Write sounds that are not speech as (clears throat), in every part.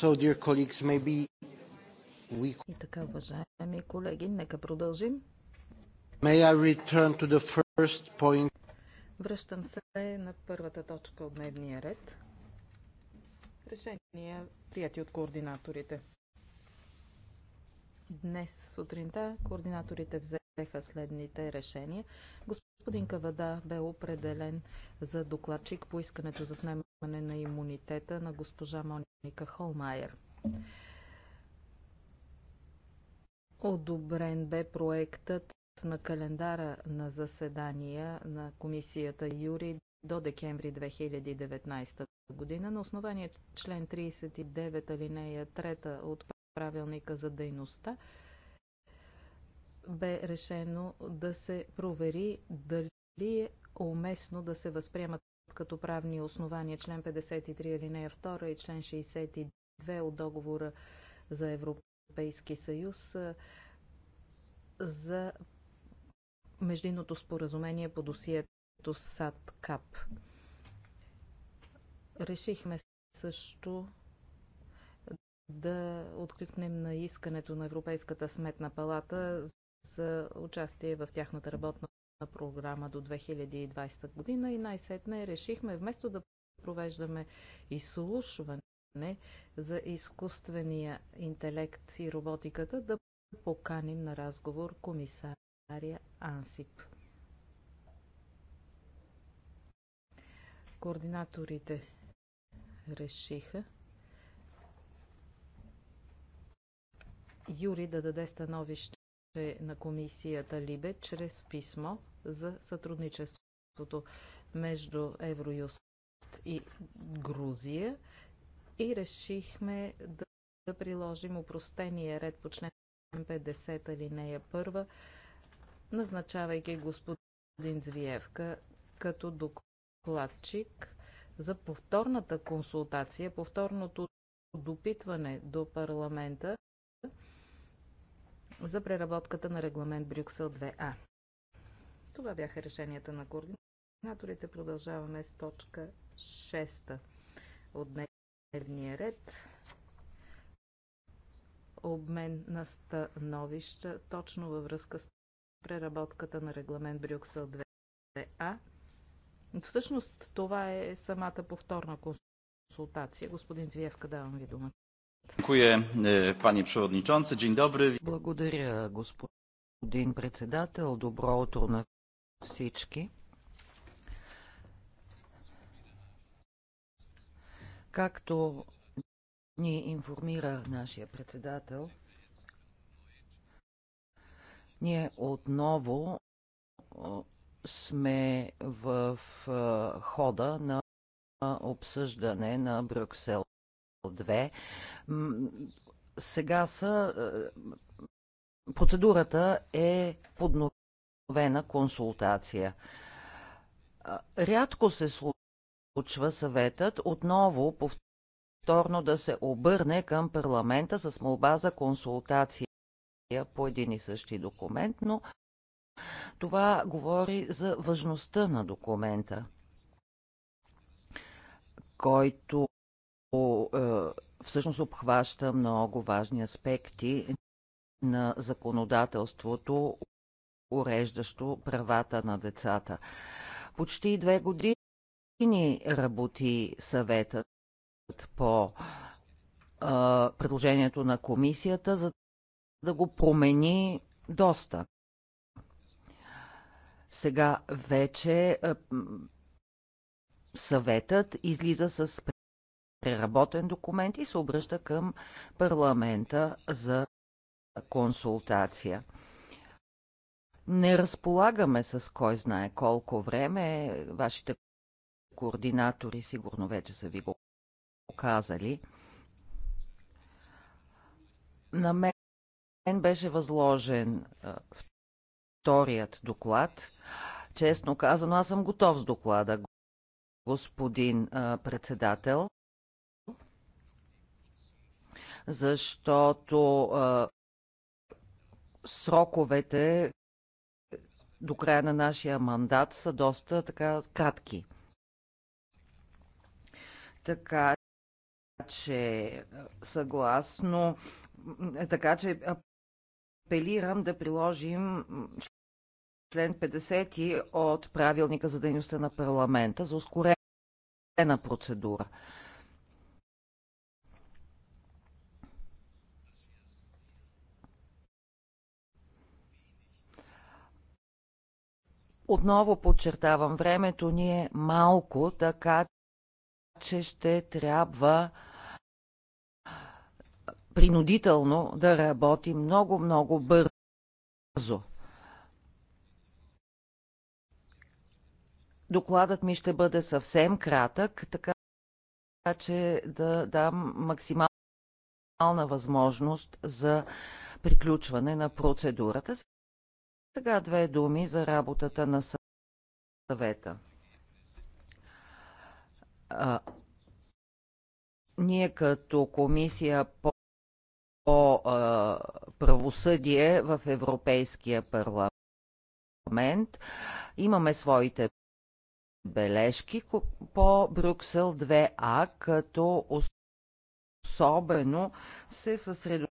So, dear colleagues, maybe we... И така, уважаеми колеги, нека продължим. May I return to the first point? Връщам се на първата точка от дневния ред. Решения, прияти от координаторите. Днес сутринта координаторите взе взеха следните решения. Господин Кавада бе определен за докладчик по искането за снемане на имунитета на госпожа Моника Холмайер. Одобрен бе проектът на календара на заседания на комисията Юри до декември 2019 година на основание член 39 алинея 3 от правилника за дейността бе решено да се провери дали е уместно да се възприемат като правни основания член 53 алинея 2 и член 62 от договора за Европейски съюз за междинното споразумение по досието САД-КАП. Решихме също да откликнем на искането на Европейската сметна палата за участие в тяхната работна програма до 2020 година и най-сетне решихме вместо да провеждаме изслушване за изкуствения интелект и роботиката да поканим на разговор комисария Ансип. Координаторите решиха Юри да даде становище на комисията Либе чрез писмо за сътрудничеството между Евроюст и Грузия и решихме да, да приложим упростения ред по член 50 алинея 1, назначавайки господин Звиевка като докладчик за повторната консултация, повторното допитване до парламента за преработката на регламент Брюксел 2А. Това бяха решенията на координаторите. Продължаваме с точка 6 от дневния ред. Обмен на становища точно във връзка с преработката на регламент Брюксел 2А. Всъщност това е самата повторна консултация. Господин Звиевка, давам ви думата. E, Благодаря, господин председател. Добро утро на всички. Както ни информира нашия председател, ние отново сме в е, хода на обсъждане на Брюксел 2, сега са е, процедурата е подновена консултация. Рядко се случва съветът отново повторно да се обърне към парламента с молба за консултация по един и същи документ, но това говори за важността на документа, който е, всъщност обхваща много важни аспекти на законодателството, уреждащо правата на децата. Почти две години работи съветът по е, предложението на комисията, за да го промени доста. Сега вече е, съветът излиза с преработен документ и се обръща към парламента за консултация. Не разполагаме с кой знае колко време. Вашите координатори сигурно вече са ви го показали. На мен беше възложен вторият доклад. Честно казано, аз съм готов с доклада, господин председател защото а, сроковете до края на нашия мандат са доста така кратки. Така че съгласно така че апелирам да приложим член 50 от правилника за дейността на парламента за ускорена процедура. Отново подчертавам, времето ни е малко, така че ще трябва принудително да работи много, много бързо. Докладът ми ще бъде съвсем кратък, така че да дам максимална възможност за приключване на процедурата. Сега две думи за работата на съвета. А, ние като комисия по, по а, правосъдие в Европейския парламент имаме своите бележки по Брюксел 2А, като особено се съсредоточаваме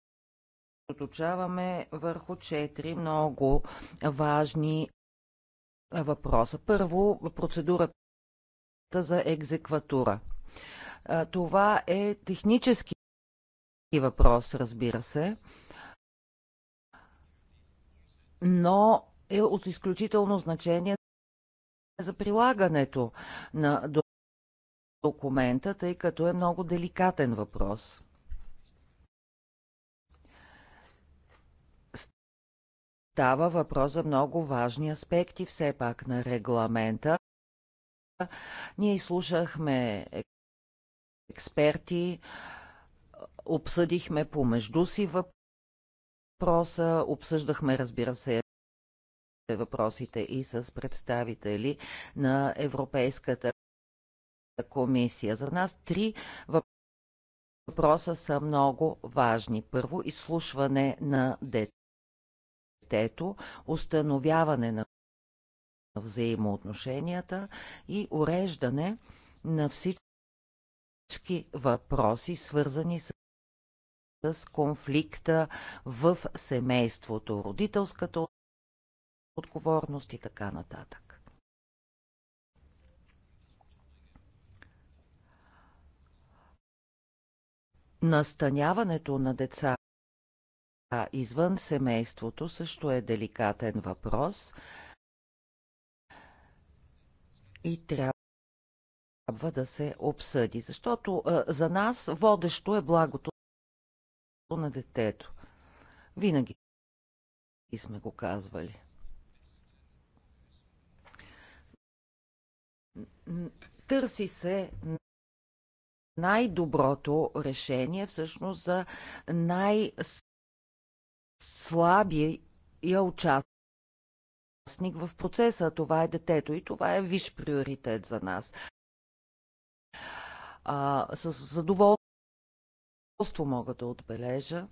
съсредоточаваме върху четири много важни въпроса. Първо, процедурата за екзекватура. Това е технически въпрос, разбира се, но е от изключително значение за прилагането на документа, тъй като е много деликатен въпрос. Става въпрос за много важни аспекти все пак на регламента. Ние изслушахме експерти, обсъдихме помежду си въпроса, обсъждахме, разбира се, въпросите и с представители на Европейската комисия. За нас три въпроса са много важни. Първо, изслушване на дете детето, установяване на взаимоотношенията и уреждане на всички въпроси, свързани с с конфликта в семейството, родителската отговорност и така нататък. Настаняването на деца а извън семейството също е деликатен въпрос и трябва да се обсъди, защото а, за нас водещо е благото на детето. Винаги и сме го казвали. Търси се най-доброто решение всъщност за най- слабия е участник в процеса, това е детето и това е виш приоритет за нас. А, с задоволство мога да отбележа,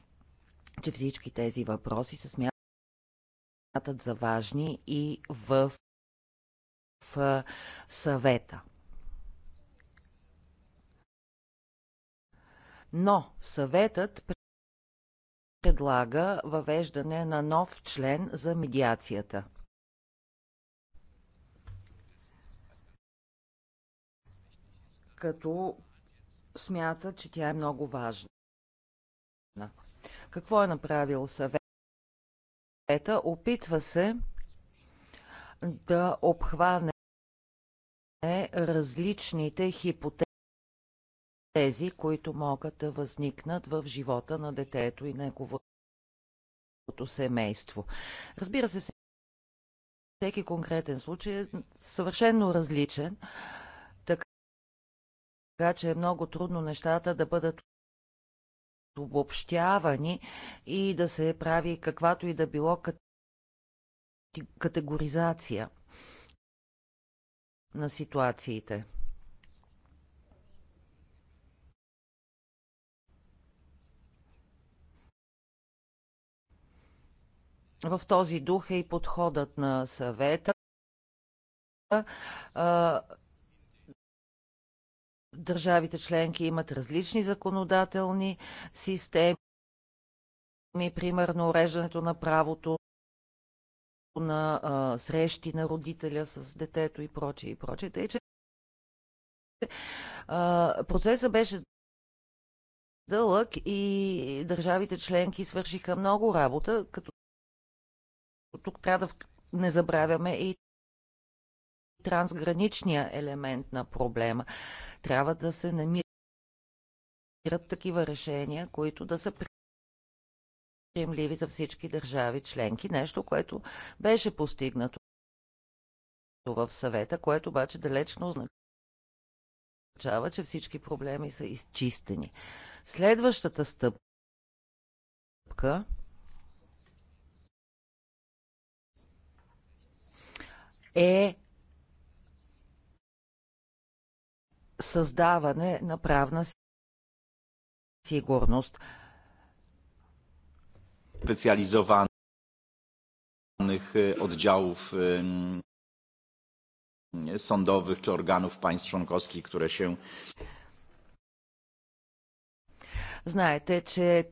че всички тези въпроси се смятат за важни и в, в съвета. Но съветът предлага въвеждане на нов член за медиацията. Като смята, че тя е много важна. Какво е направил съвета? Опитва се да обхване различните хипотези тези, които могат да възникнат в живота на детето и неговото семейство. Разбира се, всеки конкретен случай е съвършенно различен, така че е много трудно нещата да бъдат обобщявани и да се прави каквато и да било категоризация на ситуациите. В този дух е и подходът на съвета. Държавите членки имат различни законодателни системи, примерно уреждането на правото на а, срещи на родителя с детето и прочее и прочее. Тъй, че а, процесът беше дълъг и държавите членки свършиха много работа, като тук трябва да не забравяме и трансграничния елемент на проблема. Трябва да се намират такива решения, които да са приемливи за всички държави членки. Нещо, което беше постигнато в съвета, което обаче далечно означава, че всички проблеми са изчистени. Следващата стъпка е създаване на правна сигурност. Specjalizowanych oddziałów sądowych czy organów państw członkowskich, które się. Знаете, че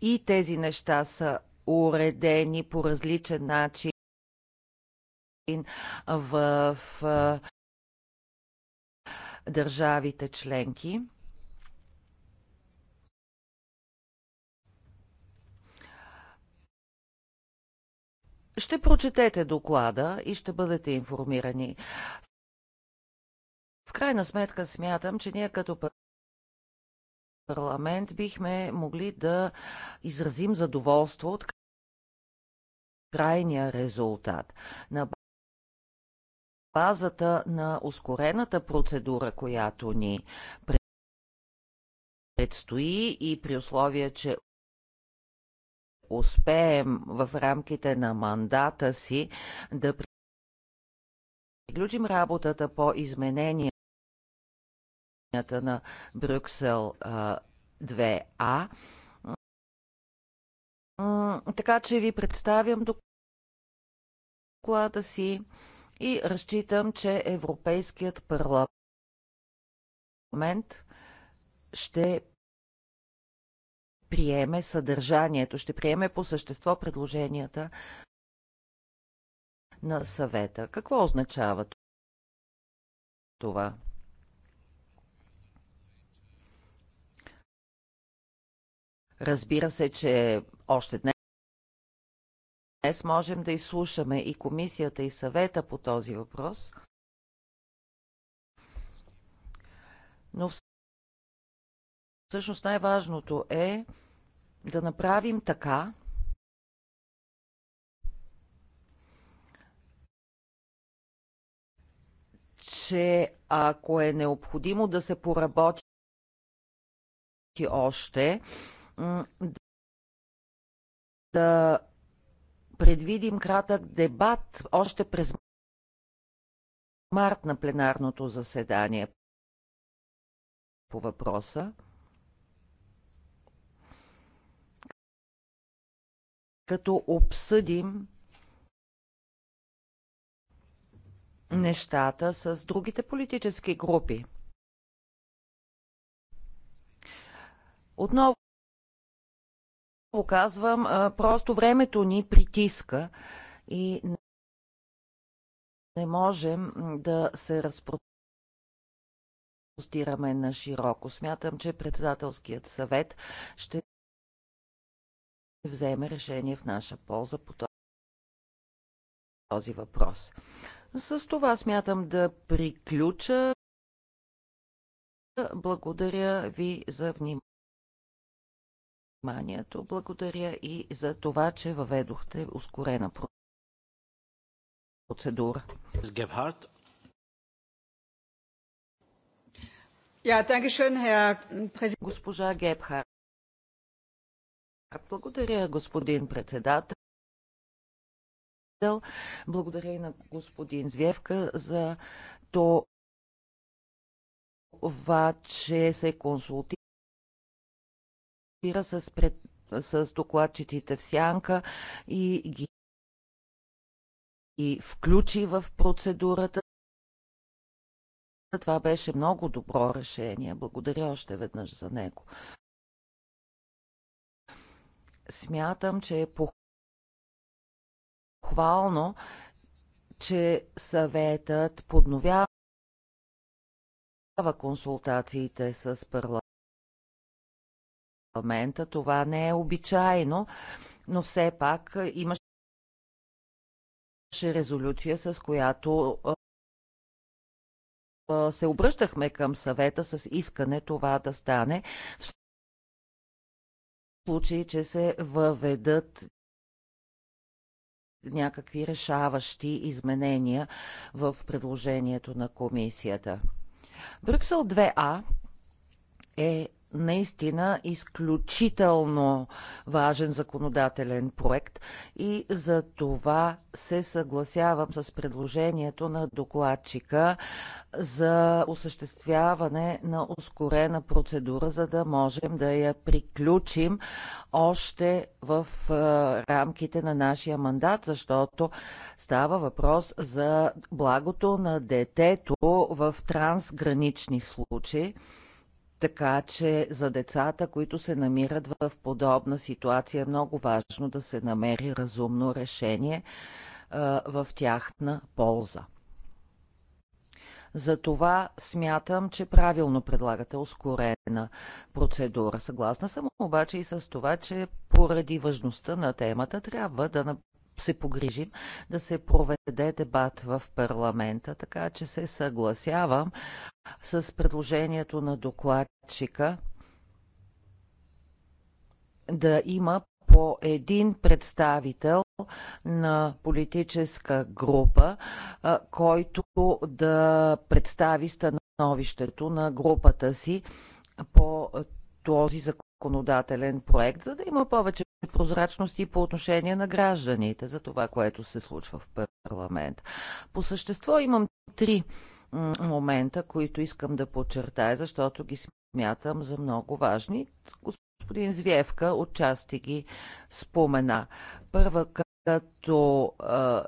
и тези неща са уредени по различен начин в държавите членки. Ще прочетете доклада и ще бъдете информирани. В крайна сметка смятам, че ние като парламент бихме могли да изразим задоволство от крайния резултат на базата на ускорената процедура, която ни предстои и при условие, че успеем в рамките на мандата си да приключим работата по измененията на Брюксел 2А. Така че ви представям доклада си и разчитам, че Европейският парламент ще приеме съдържанието, ще приеме по същество предложенията на съвета. Какво означава това? Разбира се, че още днес Днес можем да изслушаме и комисията, и съвета по този въпрос. Но всъщност най-важното е да направим така, че ако е необходимо да се поработи още, да предвидим кратък дебат още през март на пленарното заседание по въпроса. Като обсъдим нещата с другите политически групи. Отново го казвам, просто времето ни притиска и не можем да се разпростираме на широко. Смятам, че председателският съвет ще вземе решение в наша полза по този въпрос. С това смятам да приключа. Благодаря ви за вниманието вниманието. Благодаря и за това, че въведохте ускорена процедура. Госпожа Гебхарт. Благодаря, господин председател. Благодаря и на господин Звевка за това, че се консултира дискутира с, пред, с докладчиците в сянка и ги и включи в процедурата. Това беше много добро решение. Благодаря още веднъж за него. Смятам, че е похвално, че съветът подновява консултациите с парламента парламента. Това не е обичайно, но все пак имаше резолюция, с която се обръщахме към съвета с искане това да стане в случай, че се въведат някакви решаващи изменения в предложението на комисията. Брюксел 2А е наистина изключително важен законодателен проект и за това се съгласявам с предложението на докладчика за осъществяване на ускорена процедура, за да можем да я приключим още в рамките на нашия мандат, защото става въпрос за благото на детето в трансгранични случаи. Така че за децата, които се намират в подобна ситуация, е много важно да се намери разумно решение а, в тяхна полза. Затова смятам, че правилно предлагате ускорена процедура. Съгласна съм обаче и с това, че поради важността на темата трябва да се погрижим да се проведе дебат в парламента, така че се съгласявам с предложението на докладчика да има по един представител на политическа група, който да представи становището на групата си по този законодателен проект, за да има повече прозрачности по отношение на гражданите за това, което се случва в парламент. По същество имам три момента, които искам да подчертая, защото ги смятам за много важни. Господин Звевка отчасти ги спомена. Първа като а,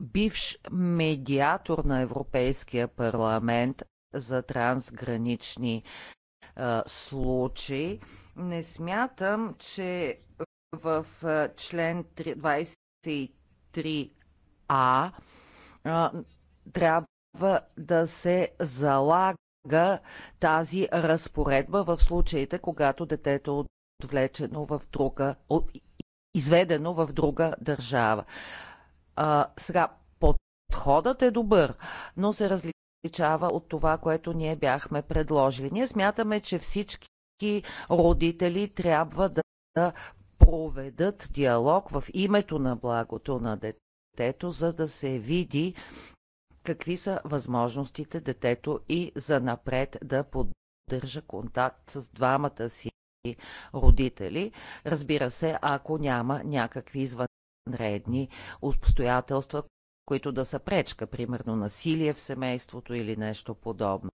бивш медиатор на Европейския парламент за трансгранични случай. Не смятам, че в член 23а трябва да се залага тази разпоредба в случаите, когато детето е отвлечено в друга, изведено в друга държава. А, сега, подходът е добър, но се различава отличава от това, което ние бяхме предложили. Ние смятаме, че всички родители трябва да, да проведат диалог в името на благото на детето, за да се види какви са възможностите детето и за напред да поддържа контакт с двамата си родители. Разбира се, ако няма някакви извънредни обстоятелства, които да са пречка, примерно насилие в семейството или нещо подобно.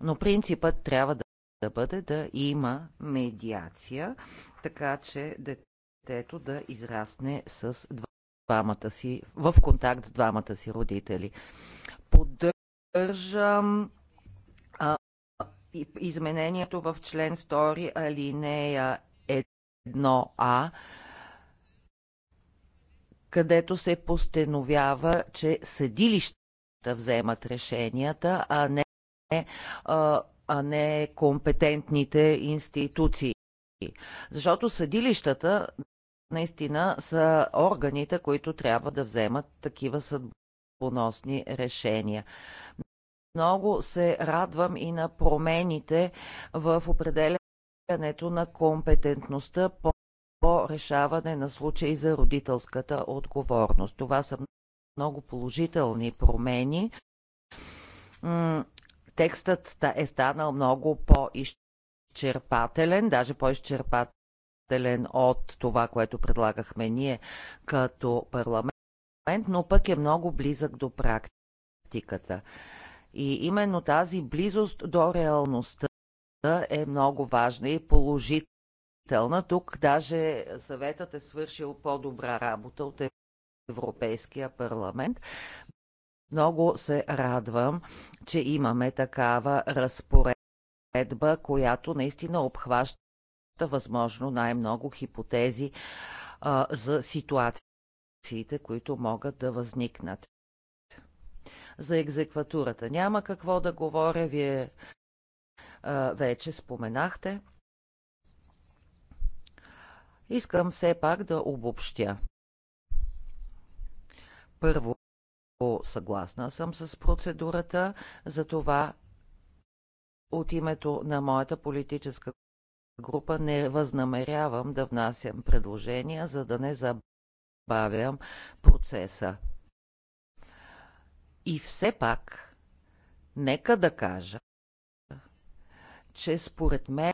Но принципът трябва да, да бъде да има медиация, така че детето да израсне с двамата си, в контакт с двамата си родители. Поддържам а, изменението в член 2 алинея 1а, където се постановява, че съдилищата вземат решенията, а не, а не компетентните институции. Защото съдилищата наистина са органите, които трябва да вземат такива съдбоносни решения. Много се радвам и на промените в определянето на компетентността по решаване на случаи за родителската отговорност. Това са много положителни промени. Текстът е станал много по-изчерпателен, даже по-изчерпателен от това, което предлагахме ние като парламент, но пък е много близък до практиката. И именно тази близост до реалността е много важна и положителна положителна. Тук даже съветът е свършил по-добра работа от Европейския парламент. Много се радвам, че имаме такава разпоредба, която наистина обхваща възможно най-много хипотези а, за ситуациите, които могат да възникнат. За екзекватурата няма какво да говоря, вие а, вече споменахте. Искам все пак да обобщя. Първо, съгласна съм с процедурата, за това от името на моята политическа група не възнамерявам да внасям предложения, за да не забавям процеса. И все пак, нека да кажа, че според мен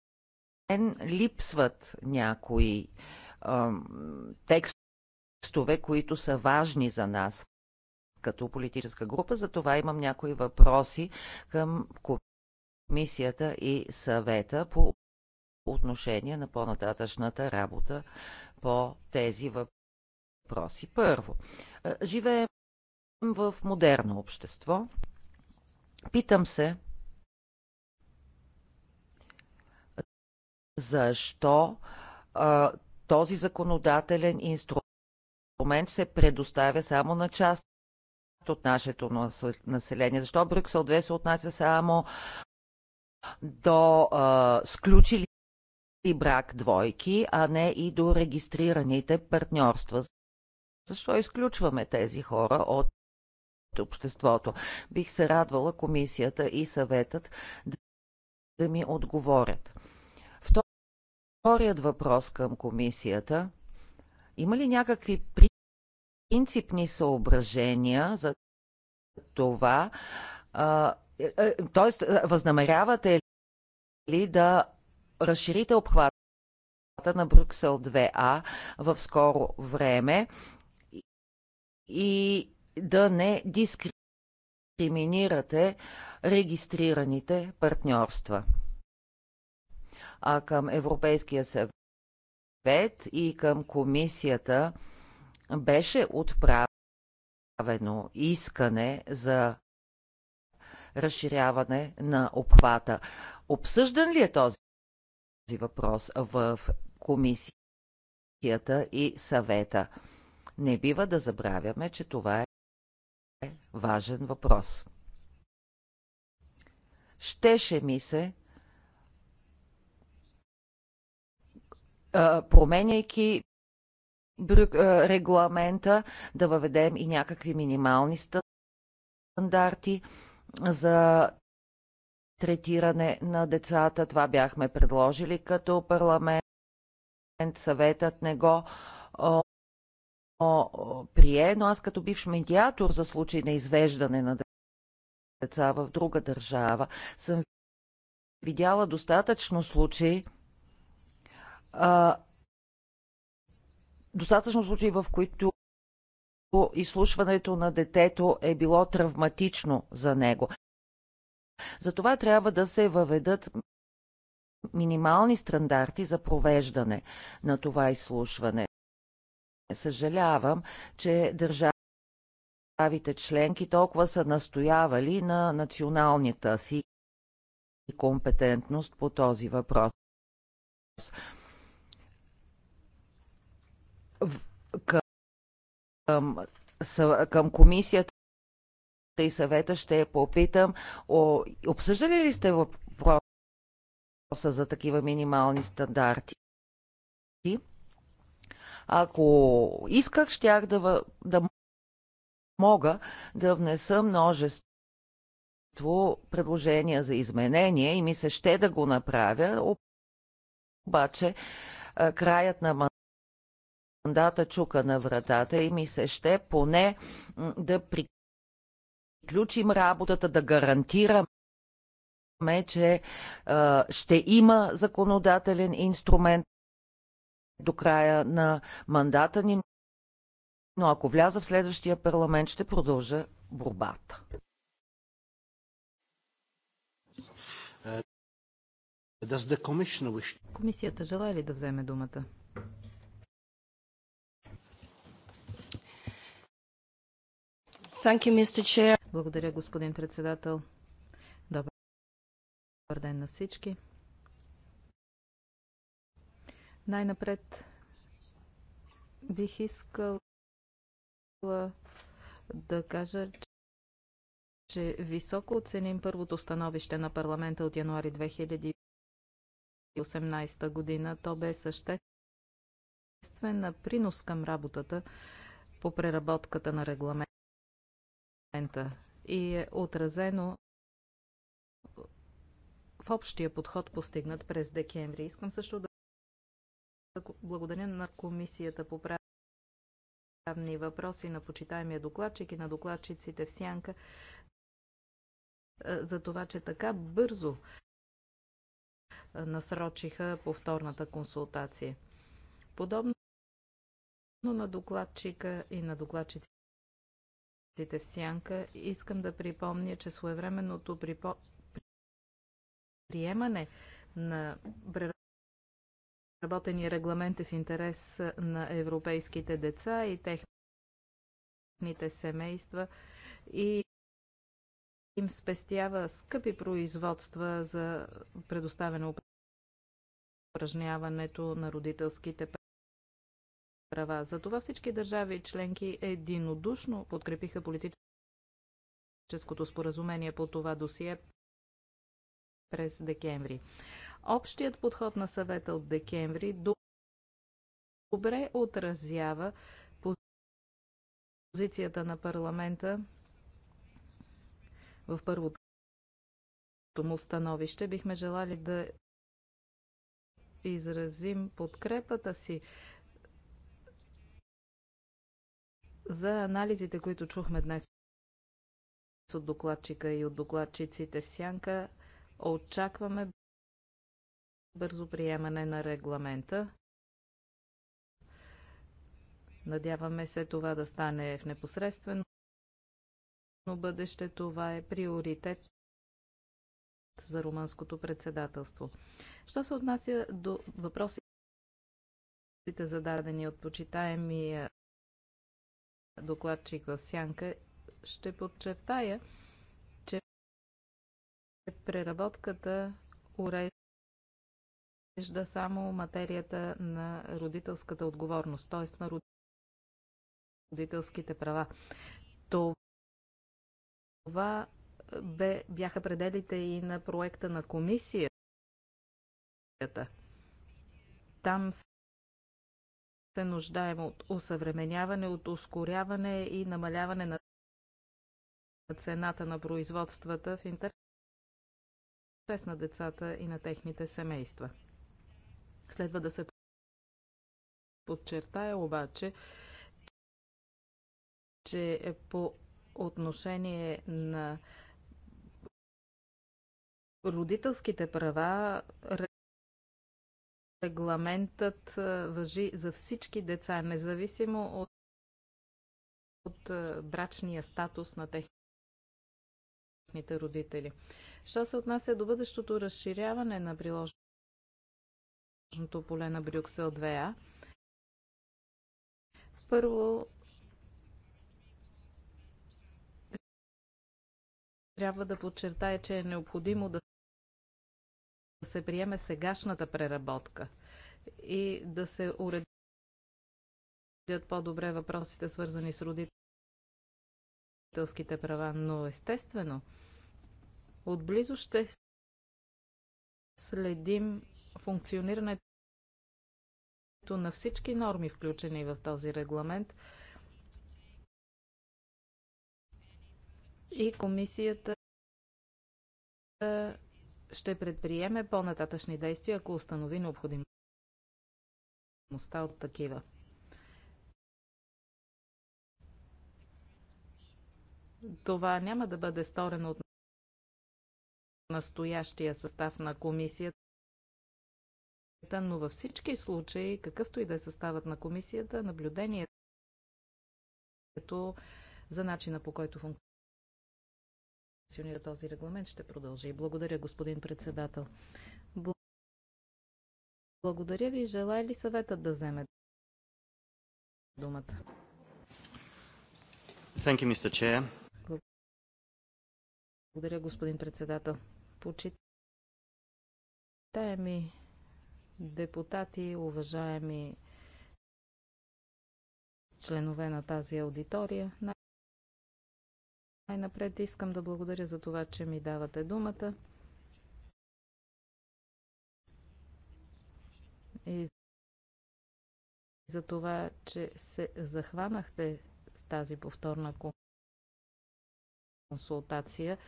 мен липсват някои а, текстове, които са важни за нас като политическа група. Затова имам някои въпроси към комисията и съвета по отношение на по-нататъчната работа по тези въпроси. Първо, живеем в модерно общество. Питам се, защо а, този законодателен инструмент се предоставя само на част от нашето население. Защо Брюксел 2 се отнася само до а, сключили брак двойки, а не и до регистрираните партньорства? Защо изключваме тези хора от обществото? Бих се радвала комисията и съветът да ми отговорят. Вторият въпрос към комисията. Има ли някакви принципни съображения за това? Е, е, тоест, е, възнамерявате ли да разширите обхвата на Брюксел 2А в скоро време и да не дискриминирате регистрираните партньорства? а към Европейския съвет и към комисията беше отправено искане за разширяване на обхвата. Обсъждан ли е този въпрос в комисията и съвета? Не бива да забравяме, че това е важен въпрос. Щеше ми се променяйки регламента, да въведем и някакви минимални стандарти за третиране на децата. Това бяхме предложили като парламент. Съветът не го о, о, прие, но аз като бивш медиатор за случай на извеждане на деца в друга държава съм видяла достатъчно случаи, а, достатъчно случаи, в които изслушването на детето е било травматично за него. Затова трябва да се въведат минимални стандарти за провеждане на това изслушване. Съжалявам, че държавите членки толкова са настоявали на националната си компетентност по този въпрос към, към комисията и съвета ще попитам, о, обсъждали ли сте въпроса за такива минимални стандарти? Ако исках, щях да, да мога да внеса множество предложения за изменение и ми се ще да го направя, обаче краят на мандата чука на вратата и ми се ще поне да приключим работата, да гарантираме че а, ще има законодателен инструмент до края на мандата ни, но ако вляза в следващия парламент, ще продължа борбата. Е, Комисията желая ли да вземе думата? You, Благодаря, господин председател. Добър ден на всички. Най-напред бих искал да кажа, че високо оценим първото становище на парламента от януари 2018 година. То бе съществен принос към работата по преработката на регламент момента и е отразено в общия подход постигнат през декември. Искам също да благодаря на Комисията по правни въпроси на почитаемия докладчик и на докладчиците в Сянка е, за това, че така бързо е, насрочиха повторната консултация. Подобно на докладчика и на докладчиците докладчиците в Сянка, искам да припомня, че своевременното припо... приемане на преработени регламенти в интерес на европейските деца и техните семейства и им спестява скъпи производства за предоставено упражняването на родителските права. Затова всички държави и членки единодушно подкрепиха политическото споразумение по това досие през декември. Общият подход на съвета от декември добре отразява позицията на парламента в първото му становище. Бихме желали да изразим подкрепата си за анализите, които чухме днес от докладчика и от докладчиците в Сянка. Очакваме бързо приемане на регламента. Надяваме се това да стане в непосредствено бъдеще. Това е приоритет за румънското председателство. Що се отнася до въпросите зададени от почитаемия докладчик в Сянка. Ще подчертая, че преработката урежда само материята на родителската отговорност, т.е. на родителските права. Това бе, бяха пределите и на проекта на комисията. Там се нуждаем от усъвременяване, от ускоряване и намаляване на цената на производствата в интерес на децата и на техните семейства. Следва да се подчертая обаче, че по отношение на родителските права регламентът въжи за всички деца, независимо от, от брачния статус на техните родители. Що се отнася до бъдещото разширяване на приложното поле на Брюксел 2А, първо трябва да подчертая, че е необходимо да да се приеме сегашната преработка и да се уредят по-добре въпросите, свързани с родителските права. Но естествено, отблизо ще следим функционирането на всички норми, включени в този регламент. И комисията ще предприеме по-нататъчни действия, ако установи необходимостта от такива. Това няма да бъде сторено от настоящия състав на комисията, но във всички случаи, какъвто и да е съставът на комисията, наблюдението за начина по който функционира функционира този регламент, ще продължи. Благодаря, господин председател. Благодаря ви. Желая ли съветът да вземе думата? Thank you, Mr. Chair. Благодаря, господин председател. Почитаеми депутати, уважаеми членове на тази аудитория, най-напред искам да благодаря за това, че ми давате думата. И за това, че се захванахте с тази повторна консултация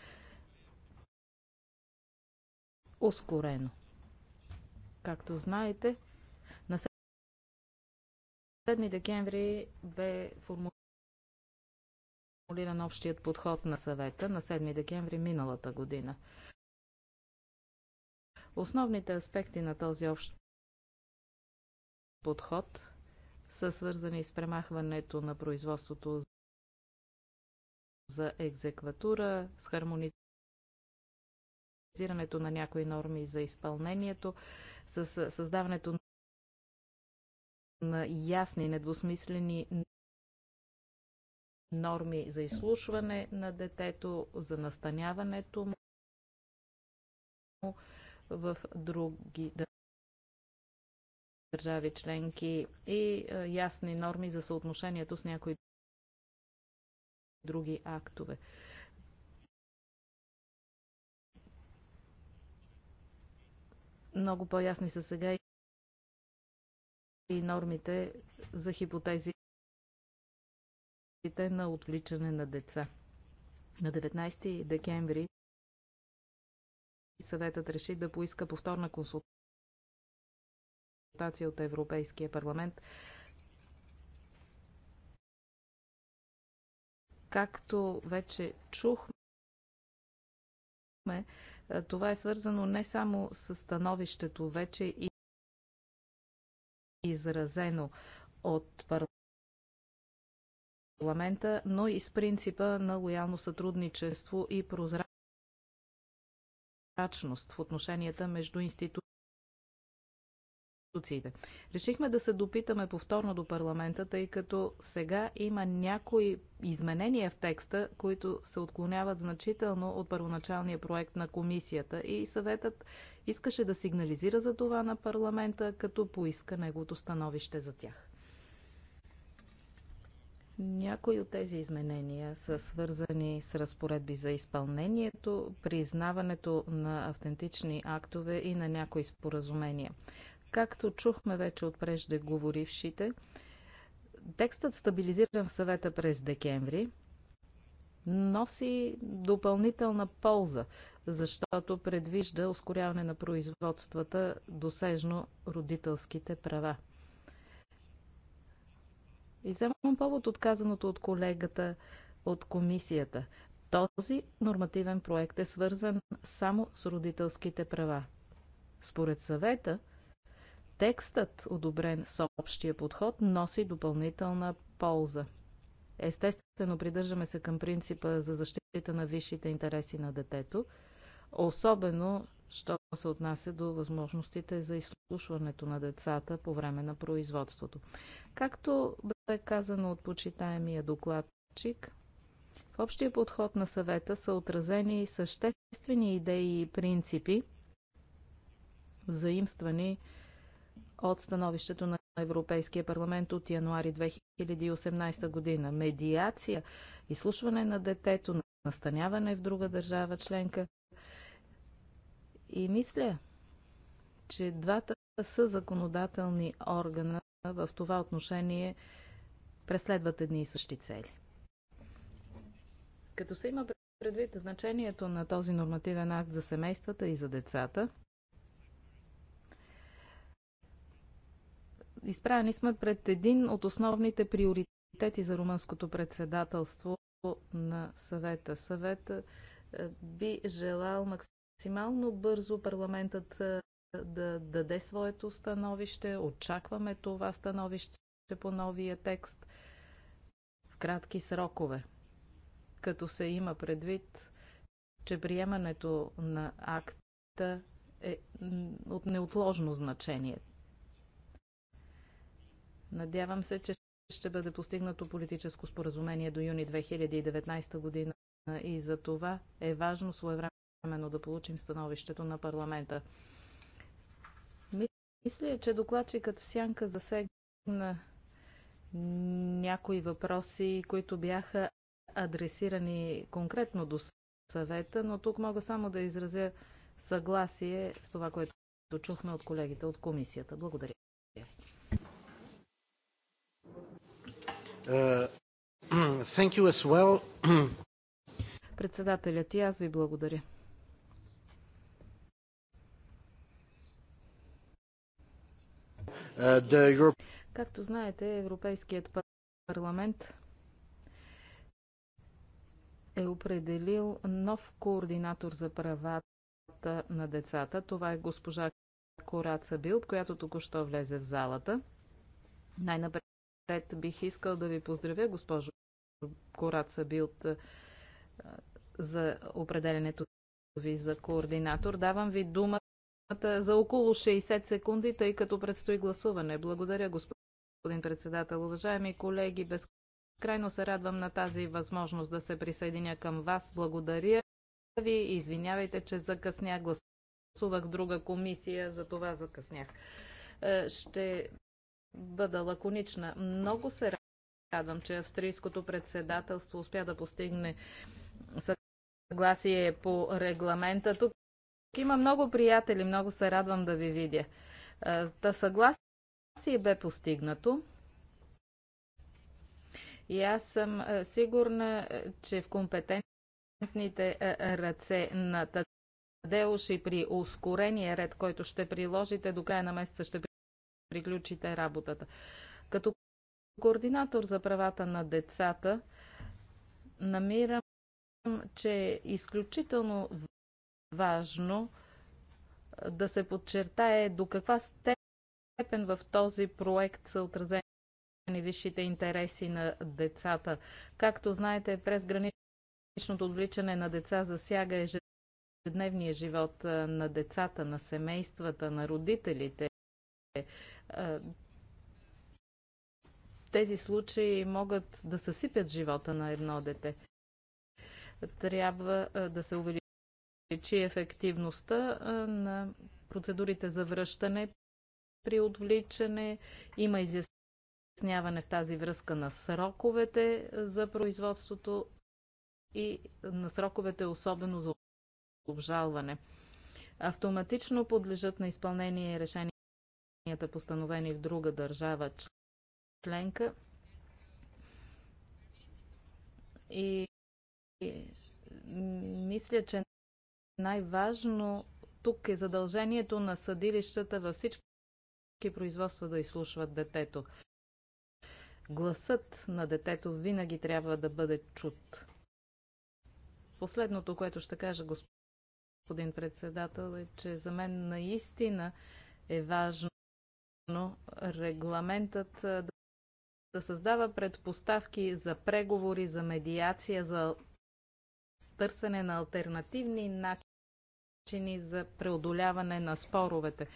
ускорено. Както знаете, на 7 декември бе формулирано формулиран общият подход на съвета на 7 декември миналата година. Основните аспекти на този общ подход са свързани с премахването на производството за екзекватура, с хармонизирането на някои норми за изпълнението, с създаването на ясни, недвусмислени норми за изслушване на детето, за настаняването му в други държави членки и ясни норми за съотношението с някои други актове. Много по-ясни са сега и нормите за хипотези случаите на отвличане на деца. На 19 декември съветът реши да поиска повторна консултация от Европейския парламент, както вече чухме, това е свързано не само с становището вече и изразено от парламента, парламента, но и с принципа на лоялно сътрудничество и прозрачност в отношенията между институциите. Решихме да се допитаме повторно до парламента, тъй като сега има някои изменения в текста, които се отклоняват значително от първоначалния проект на комисията и съветът искаше да сигнализира за това на парламента, като поиска неговото становище за тях. Някои от тези изменения са свързани с разпоредби за изпълнението, признаването на автентични актове и на някои споразумения. Както чухме вече от преждеговорившите, текстът стабилизиран в съвета през декември носи допълнителна полза, защото предвижда ускоряване на производствата досежно родителските права. И вземам повод отказаното от колегата от комисията. Този нормативен проект е свързан само с родителските права. Според съвета, текстът, одобрен с общия подход, носи допълнителна полза. Естествено, придържаме се към принципа за защита на висшите интереси на детето, особено, що се отнася до възможностите за изслушването на децата по време на производството. Както е казано от почитаемия докладчик, в общия подход на съвета са отразени съществени идеи и принципи, заимствани от становището на Европейския парламент от януари 2018 година. Медиация, изслушване на детето, настаняване в друга държава членка. И мисля, че двата са законодателни органа в това отношение – преследват едни и същи цели. Като се има предвид значението на този нормативен акт за семействата и за децата, изправени сме пред един от основните приоритети за румънското председателство на съвета. Съвета е, би желал максимално бързо парламентът е, да даде своето становище. Очакваме това становище по новия текст в кратки срокове, като се има предвид, че приемането на акта е от неотложно значение. Надявам се, че ще бъде постигнато политическо споразумение до юни 2019 година и за това е важно своевременно да получим становището на парламента. Мисля, че докладчикът в сянка засегна някои въпроси, които бяха адресирани конкретно до съвета, но тук мога само да изразя съгласие с това, което чухме от колегите от комисията. Благодаря Uh, (clears throat) thank you as well. (clears throat) Председателят и аз ви благодаря. Uh, the Europe... Както знаете, Европейският парламент е определил нов координатор за правата на децата. Това е госпожа Кораца Билд, която току-що влезе в залата. Най-напред бих искал да ви поздравя, госпожо Кораца Билд, за определенето ви за координатор. Давам ви думата за около 60 секунди, тъй като предстои гласуване. Благодаря, господин господин председател. Уважаеми колеги, безкрайно се радвам на тази възможност да се присъединя към вас. Благодаря ви и извинявайте, че закъснях. Гласувах друга комисия, за това закъснях. Е, ще бъда лаконична. Много се радвам, че австрийското председателство успя да постигне съгласие по регламента. Тук има много приятели, много се радвам да ви видя. Е, та съгласен си бе постигнато. И аз съм сигурна, че в компетентните ръце на Тадеуш и при ускорения ред, който ще приложите до края на месеца, ще приключите работата. Като координатор за правата на децата, намирам, че е изключително важно да се подчертае до каква степен степен в този проект са отразени висшите интереси на децата. Както знаете, през граничното отвличане на деца засяга ежедневния живот на децата, на семействата, на родителите. Тези случаи могат да съсипят живота на едно дете. Трябва да се увеличи ефективността на процедурите за връщане при отвличане. Има изясняване в тази връзка на сроковете за производството и на сроковете особено за обжалване. Автоматично подлежат на изпълнение решенията постановени в друга държава членка и мисля, че най-важно тук е задължението на съдилищата във всички производства да изслушват детето. Гласът на детето винаги трябва да бъде чут. Последното, което ще кажа, господин председател, е, че за мен наистина е важно регламентът да създава предпоставки за преговори, за медиация, за търсене на альтернативни начини за преодоляване на споровете.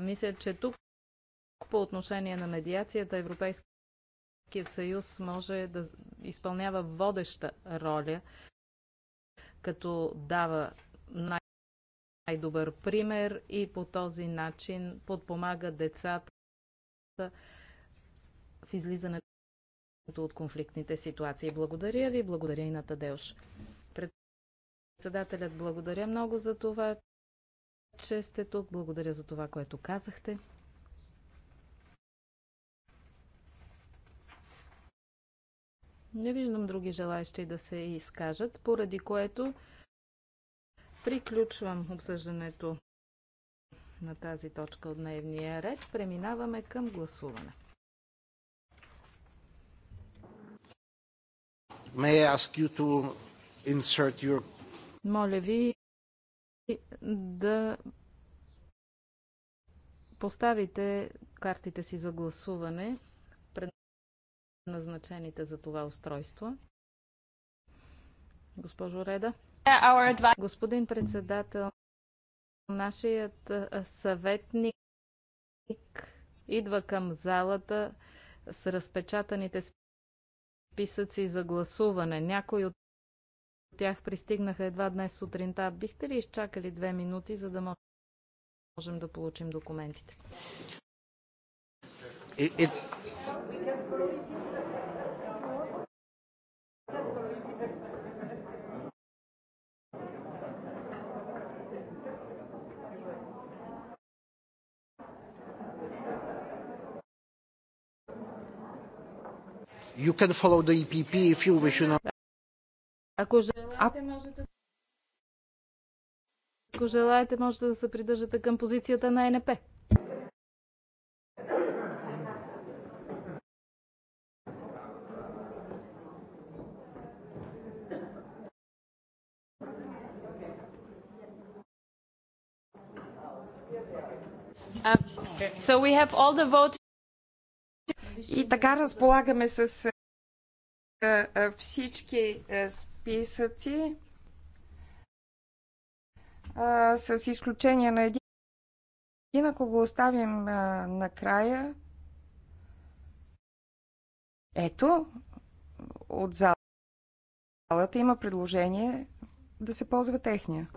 Мисля, че тук по отношение на медиацията Европейският съюз може да изпълнява водеща роля, като дава най- най-добър пример и по този начин подпомага децата в излизането от конфликтните ситуации. Благодаря ви, благодаря и на Тадеуш. Председателят благодаря много за това, че сте тук. Благодаря за това, което казахте. Не виждам други желаящи да се изкажат, поради което приключвам обсъждането на тази точка от дневния ред. Преминаваме към гласуване. Your... Моля ви да поставите картите си за гласуване пред назначените за това устройство. Госпожо Реда. Господин председател, нашият съветник идва към залата с разпечатаните списъци за гласуване. Някой от тях пристигнаха едва днес сутринта. Бихте ли изчакали две минути, за да можем да получим документите? You can follow the EPP if you wish. You know. Ако желаете, можете... Ако желаете, можете да се придържате към позицията на НП. So we have all the vote... И така разполагаме с е, е, всички е, списъци, а, с изключение на един. И ако го оставим накрая, ето, от залата има предложение да се ползва техния.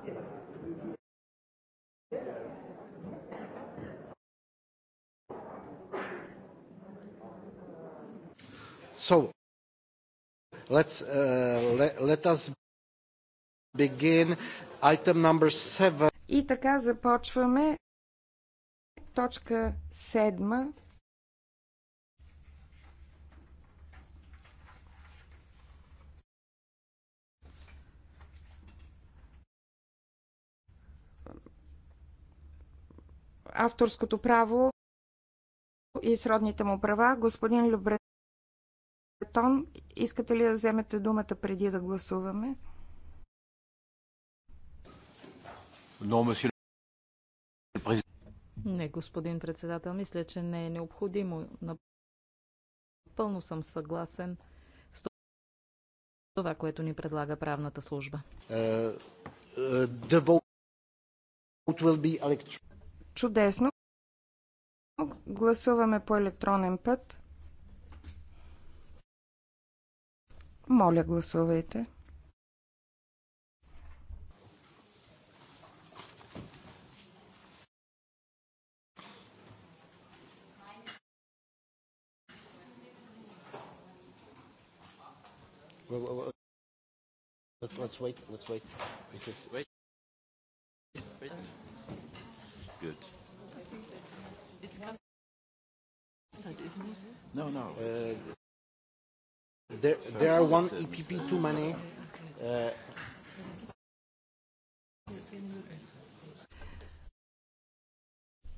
So, Let's, uh, let us begin item number И така започваме точка седма. авторското право и сродните му права, господин Любре Бретон, искате ли да вземете думата преди да гласуваме? Не, господин председател, мисля, че не е необходимо. Напълно съм съгласен с това, което ни предлага правната служба. Е, е, Чудесно. Гласуваме по електронен път. Моля, гласувайте. Let's, wait. Let's wait. This is wait. Wait. Good. It's isn't it? No, no. Uh, There, there are one EPP too many. Uh,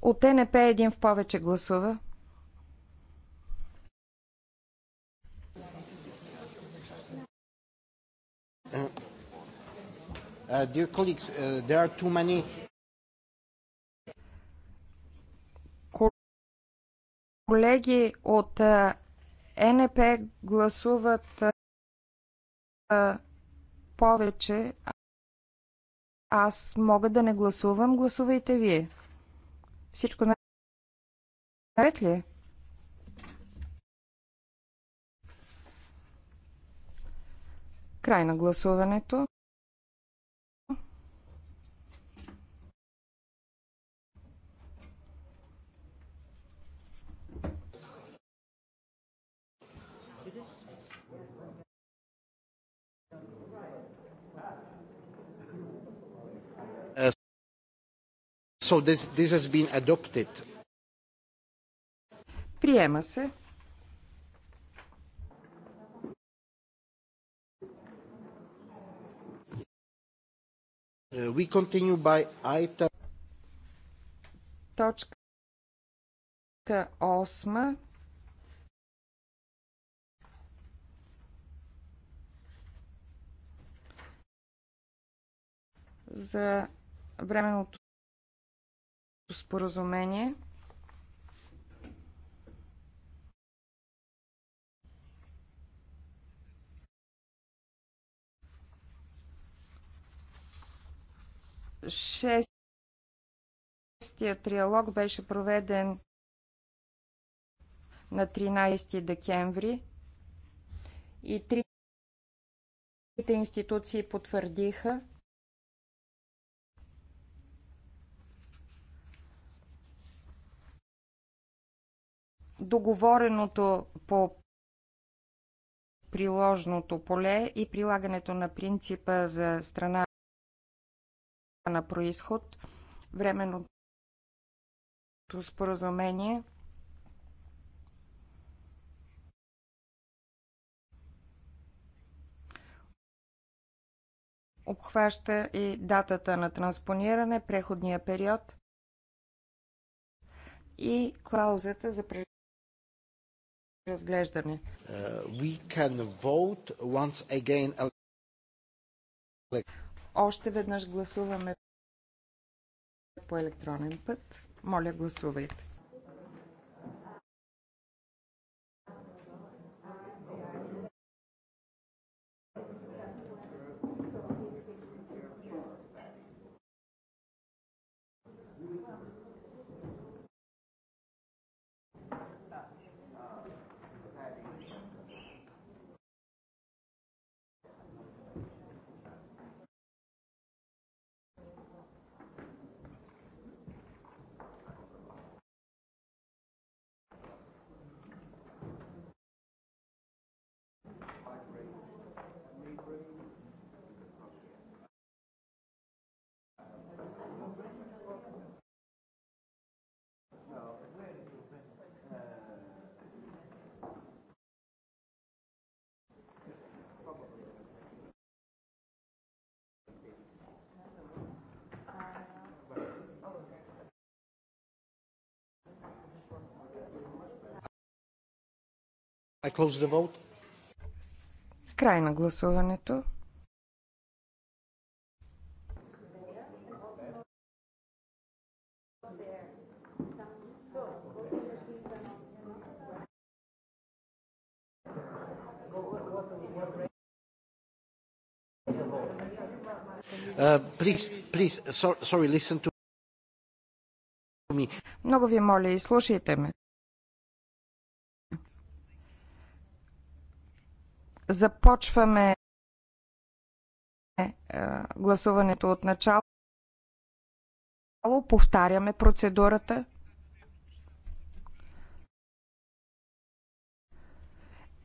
От ТНП един в повече гласува. Uh, uh, dear colleagues, uh, there are too many колеги от е НП гласуват повече. Аз мога да не гласувам, гласувайте вие. Всичко наред ли е? Край на гласуването. So this, this has been adopted. Приема се. We continue by item. Точка 8. За временното споразумение. Шестият триалог беше проведен на 13 декември и трите институции потвърдиха, договореното по приложното поле и прилагането на принципа за страна на происход, временното споразумение обхваща и датата на транспониране, преходния период и клаузата за разглеждане. Uh, Още веднъж гласуваме по електронен път. Моля, гласувайте. I close the vote. Край на гласуването. Uh, please, please, sorry, listen to me. Много ви моля, изслушайте ме. Започваме е, гласуването от начало. Повтаряме процедурата.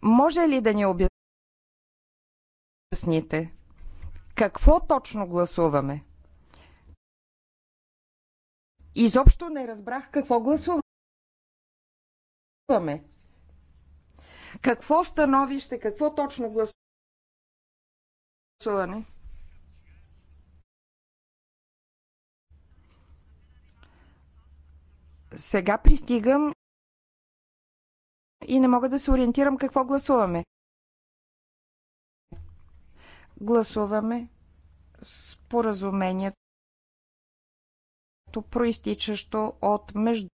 Може ли да ни обясните какво точно гласуваме? Изобщо не разбрах какво гласуваме. Какво становище, какво точно гласуване? Сега пристигам и не мога да се ориентирам какво гласуваме. Гласуваме споразумението, проистичащо от между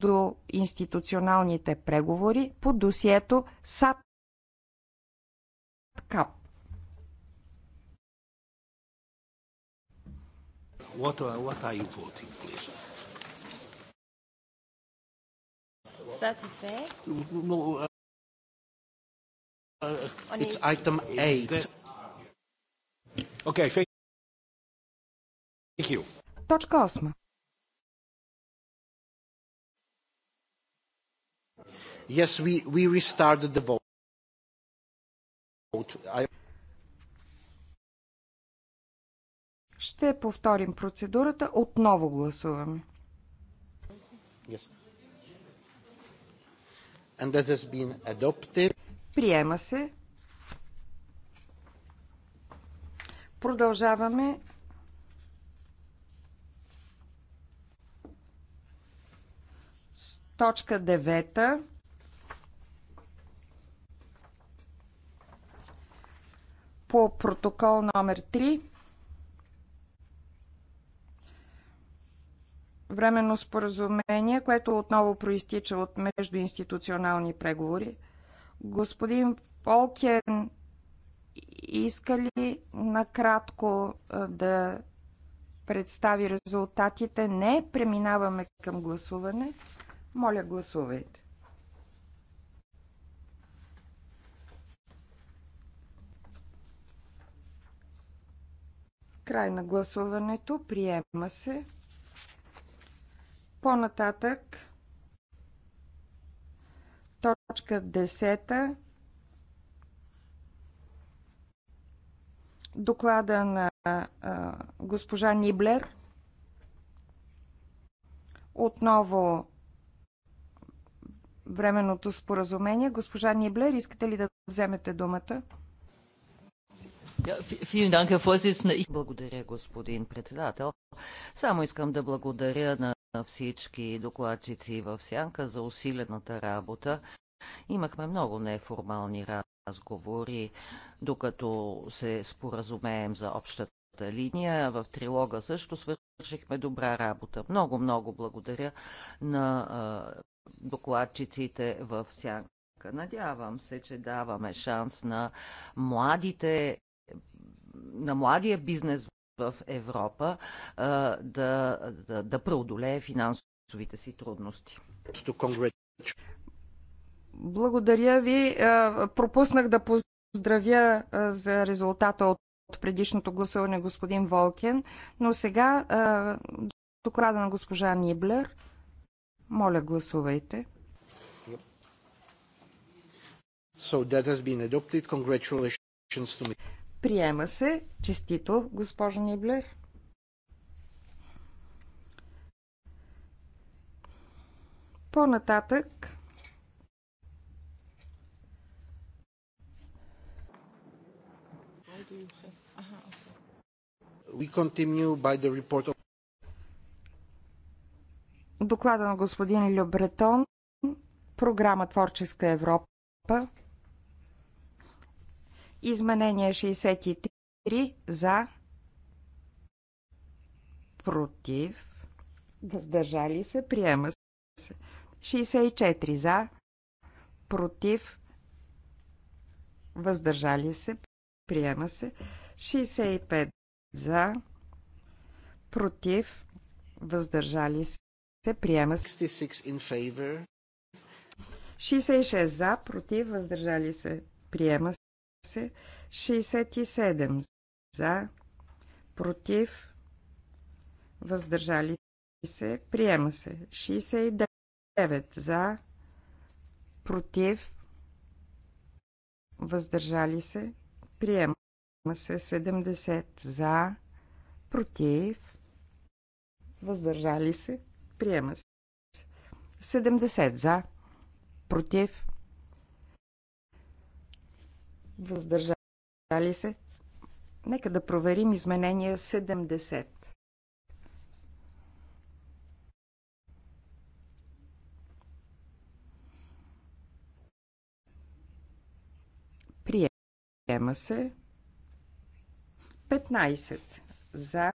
до институционалните преговори по досието САД КАП. What, what are you voting, please? Ça, c'est fait. No, uh, uh, it's item 8. Okay, thank you. Точка 8. Yes, we, we restarted the vote. I... Ще повторим процедурата. Отново гласуваме. Yes. And has been adopted. Приема се. Продължаваме точка девета. по протокол номер 3. Временно споразумение, което отново проистича от междуинституционални преговори. Господин Волкен иска ли накратко да представи резултатите? Не. Преминаваме към гласуване. Моля, гласувайте. Край на гласуването. Приема се. По-нататък. Точка 10. Доклада на а, госпожа Ниблер. Отново временното споразумение. Госпожа Ниблер, искате ли да вземете думата? Благодаря, господин председател. Само искам да благодаря на всички докладчици в Сянка за усилената работа. Имахме много неформални разговори, докато се споразумеем за общата линия. В трилога също свършихме добра работа. Много, много благодаря на докладчиците в Сянка. Надявам се, че даваме шанс на младите на младия бизнес в Европа да, да, да преодолее финансовите си трудности. Благодаря ви. Пропуснах да поздравя за резултата от предишното гласуване господин Волкен, но сега доклада на госпожа Ниблер. Моля, гласувайте. So that has been adopted. Congratulations to me. Приема се. Честито, госпожа Ниблер. По-нататък Of... Доклада на господин Любретон. програма Творческа Европа, Изменение 63 за, против, въздържали се, приема се. 64 за, против, въздържали се, приема се. 65 за, против, въздържали се, приема се. 66 за, против, въздържали се, приема се се. 67 за, против, въздържали се, приема се. 69 за, против, въздържали се, приема се. 70 за, против, въздържали се, приема се. 70 за, против, въздържали се. Нека да проверим изменения 70. Приема се 15 за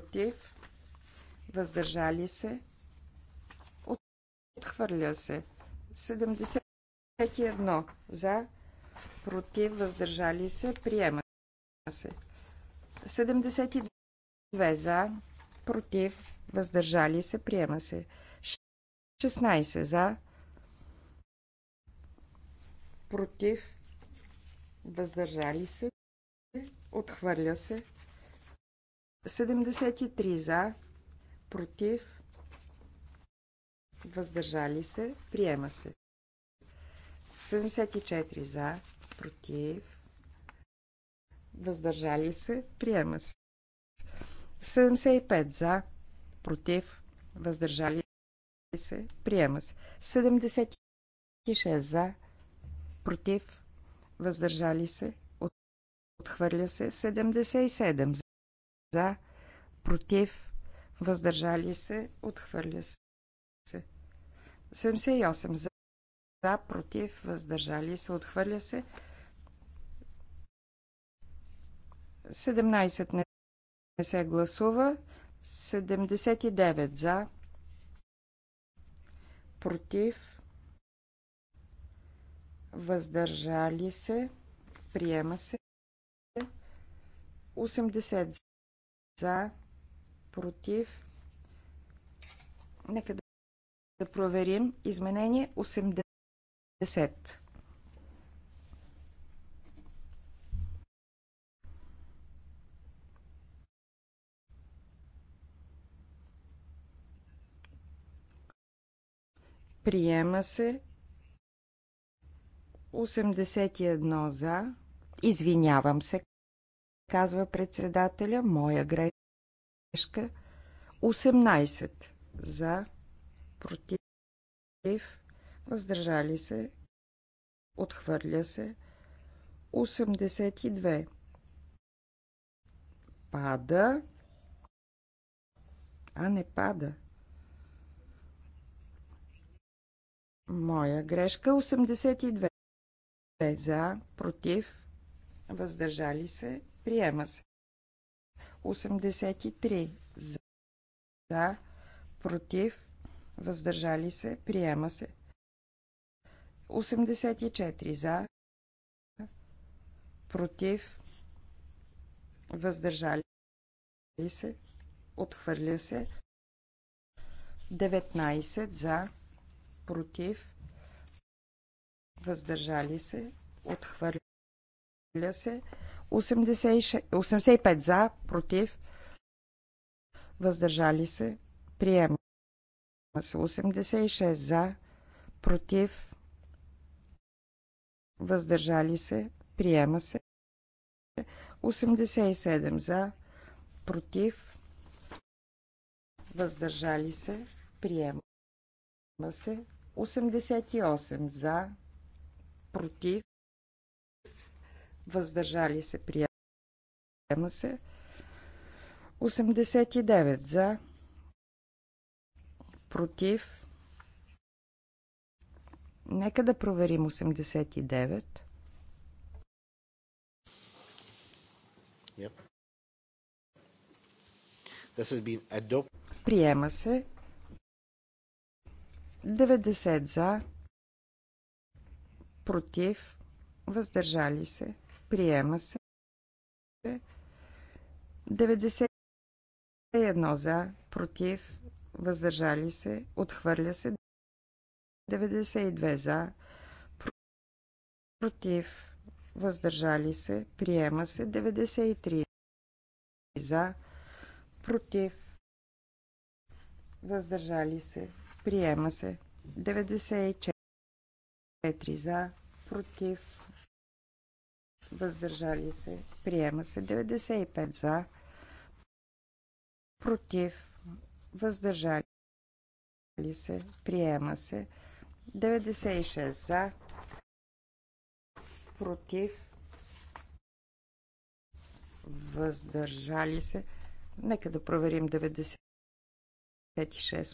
против въздържали се отхвърля се 70 51 за, против, въздържали се, приема се. 72 за, против, въздържали се, приема се. 16 за, против, въздържали се, отхвърля се. 73 за, против, въздържали се, приема се. 74 за, против, въздържали се, приема се. 75 за, против, въздържали се, приема се. 76 за, против, въздържали се, отхвърля се. 77 за, против, въздържали се, отхвърля се. 78 за, за, против, въздържали се, отхвърля се. 17 не, не се гласува. 79 за, против, въздържали се, приема се. 80 за, против. Нека да проверим. Изменение 80 десет Приема се 81 за. Извинявам се, казва председателя, моя грешка. 18 за, против, въздържали се, отхвърля се. 82. Пада. А не пада. Моя грешка 82. За, против, въздържали се, приема се. 83. За, против, въздържали се, приема се. 84 за, против, въздържали се, отхвърля се. 19 за, против, въздържали се, отхвърля се. 86, 85 за, против, въздържали се, приема се. 86 за, против, въздържали се, приема се. 87 за, против, въздържали се, приема се. 88 за, против, въздържали се, приема се. 89 за, против, Нека да проверим 89. Yep. Приема се. 90 за. Против. Въздържали се. Приема се. 91 за. Против. Въздържали се. Отхвърля се. 92 за, против, въздържали се, приема се 93 за, против, въздържали се, приема се 94 за, против, въздържали се, приема се 95 за, против, въздържали се, приема се 96 за, против, въздържали се. Нека да проверим 96,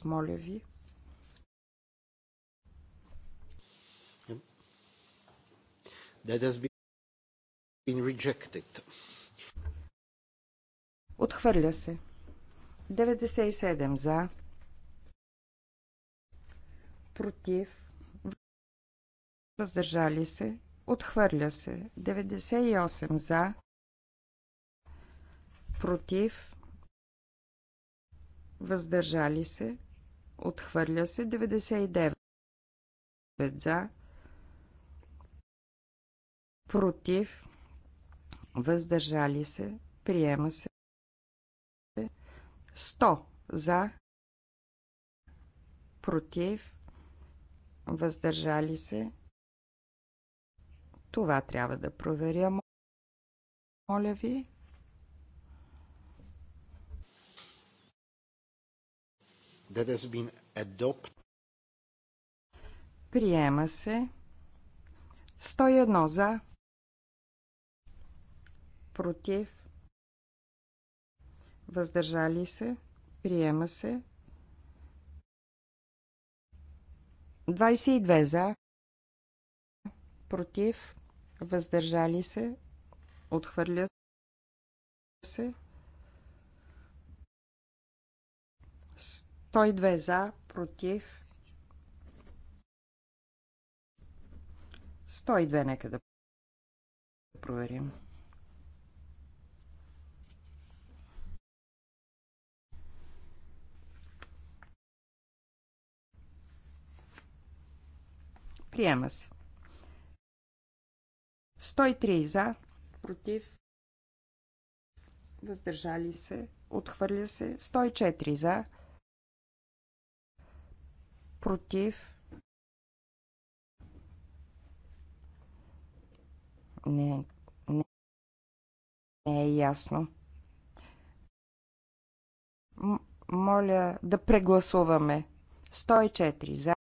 моля ви. That has been rejected. Отхвърля се. 97 за. Против въздържали се, отхвърля се. 98 за, против, въздържали се, отхвърля се. 99 за, против, въздържали се, приема се. 100 за, против, въздържали се, това трябва да проверя. Моля ви. That has been adopted. Приема се. 101 за. Против. Въздържали се. Приема се. 22 за. Против въздържали се, отхвърля се. 102 за, против. 102 нека да проверим. Приема се. 103 за, против, въздържали се, отхвърля се. 104 за, против, не, не, не е ясно. Моля да прегласуваме. 104 за.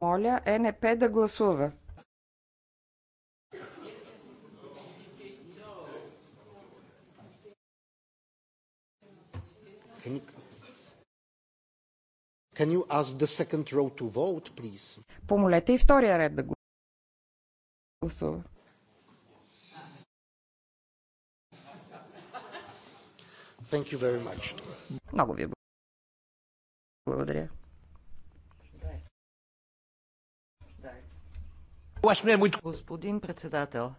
Моля НП да гласува. Can you, can you ask the second row to vote, please? Помолете и втория ред да гласува. Thank you very much. Много ви благодаря. Господин председател,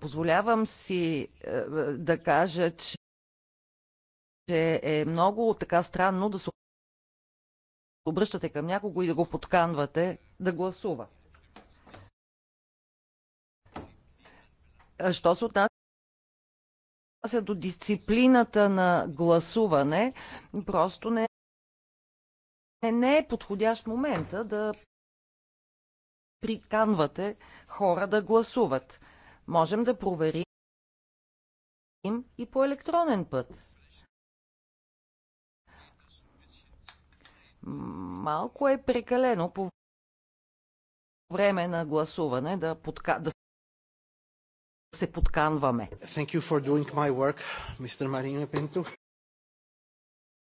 позволявам си е, да кажа, че е много така странно да се обръщате към някого и да го подканвате да гласува. Що се отнася се до дисциплината на гласуване, просто не, не е подходящ момента да приканвате хора да гласуват. Можем да проверим и по електронен път. Малко е прекалено по време на гласуване да, подка... да се подканваме. Thank you for doing my work, Mr. Pinto.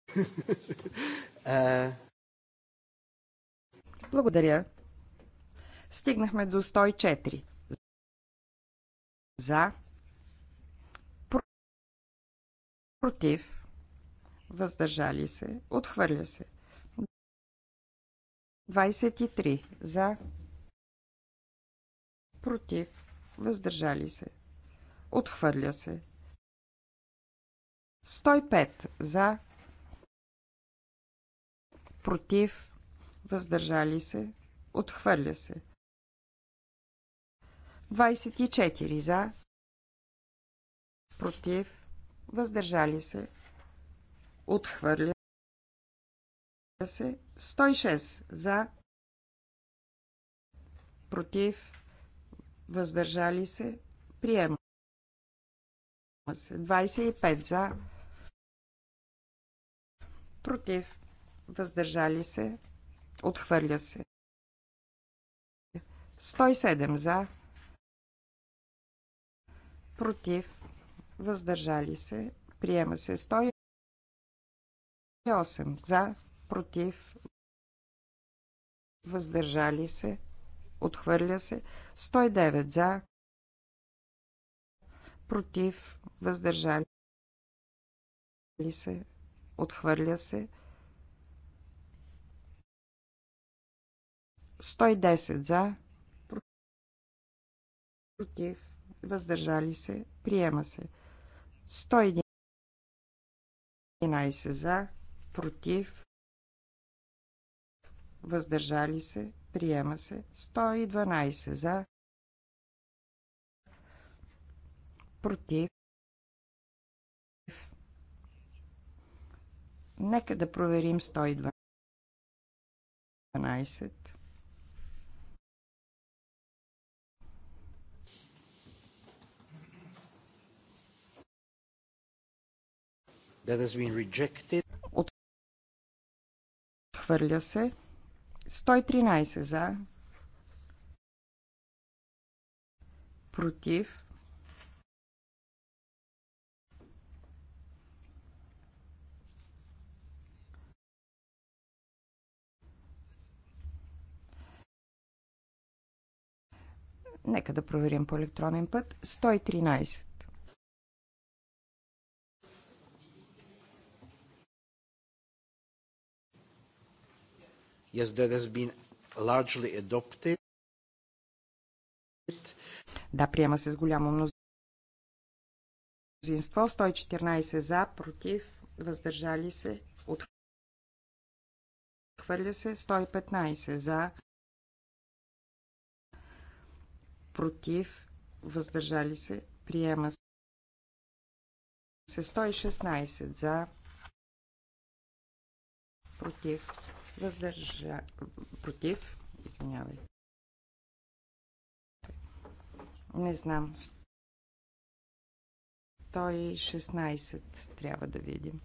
(laughs) uh... Благодаря. Стигнахме до 104. За. Против. Въздържали се. Отхвърля се. 23. За. Против въздържали се, отхвърля се. 105 за, против, въздържали се, отхвърля се. 24 за, против, въздържали се, отхвърля се. 106 за, против, въздържали се, приема се. 25 за, против, въздържали се, отхвърля се. 107 за, против, въздържали се, приема се. 108 за, против, въздържали се, Отхвърля се. 109 за. Против. Въздържали се. Отхвърля се. 110 за. Против. Въздържали се. Приема се. 111 за. Против въздържали се, приема се. 112 за, против. Нека да проверим 112. That has been rejected. Отхвърля се. 113 за, против, Нека да проверим по електронен път. 113. Yes, that has been largely adopted. Да, приема се с голямо мнозинство. 114 за, против, въздържали се, отхвърля се. 115 за, против, въздържали се, приема се. 116 за, против, въздържа... против, извинявай. Не знам. 116 трябва да видим.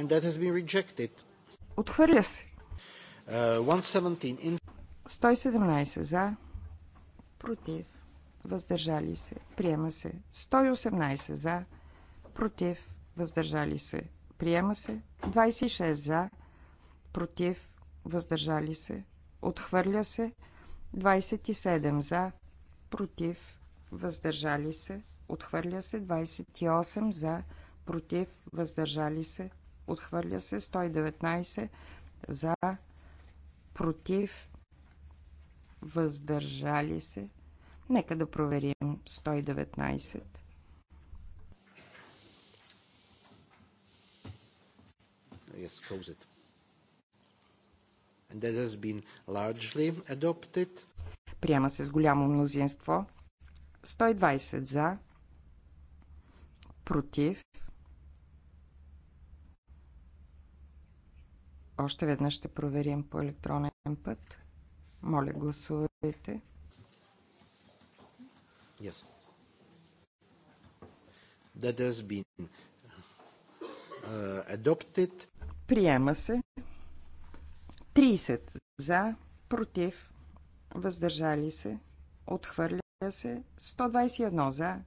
And that has been rejected. Отхвърля се. Uh, 117 за, против, въздържали се, приема се. 118 за, против, въздържали се, приема се. 26 за, против, въздържали се, отхвърля се. 27 за, против, въздържали се, отхвърля се. 28 за, против, въздържали се, отхвърля се. 119 за, против, въздържали се, Нека да проверим 119. Yes, close it. And that has been largely adopted. Приема се с голямо мнозинство. 120 за, против. Още веднъж ще проверим по електронен път. Моля, гласувайте. Yes. That has been uh, adopted. Приема се. 30 за, против, въздържали се, отхвърля се. 121 за,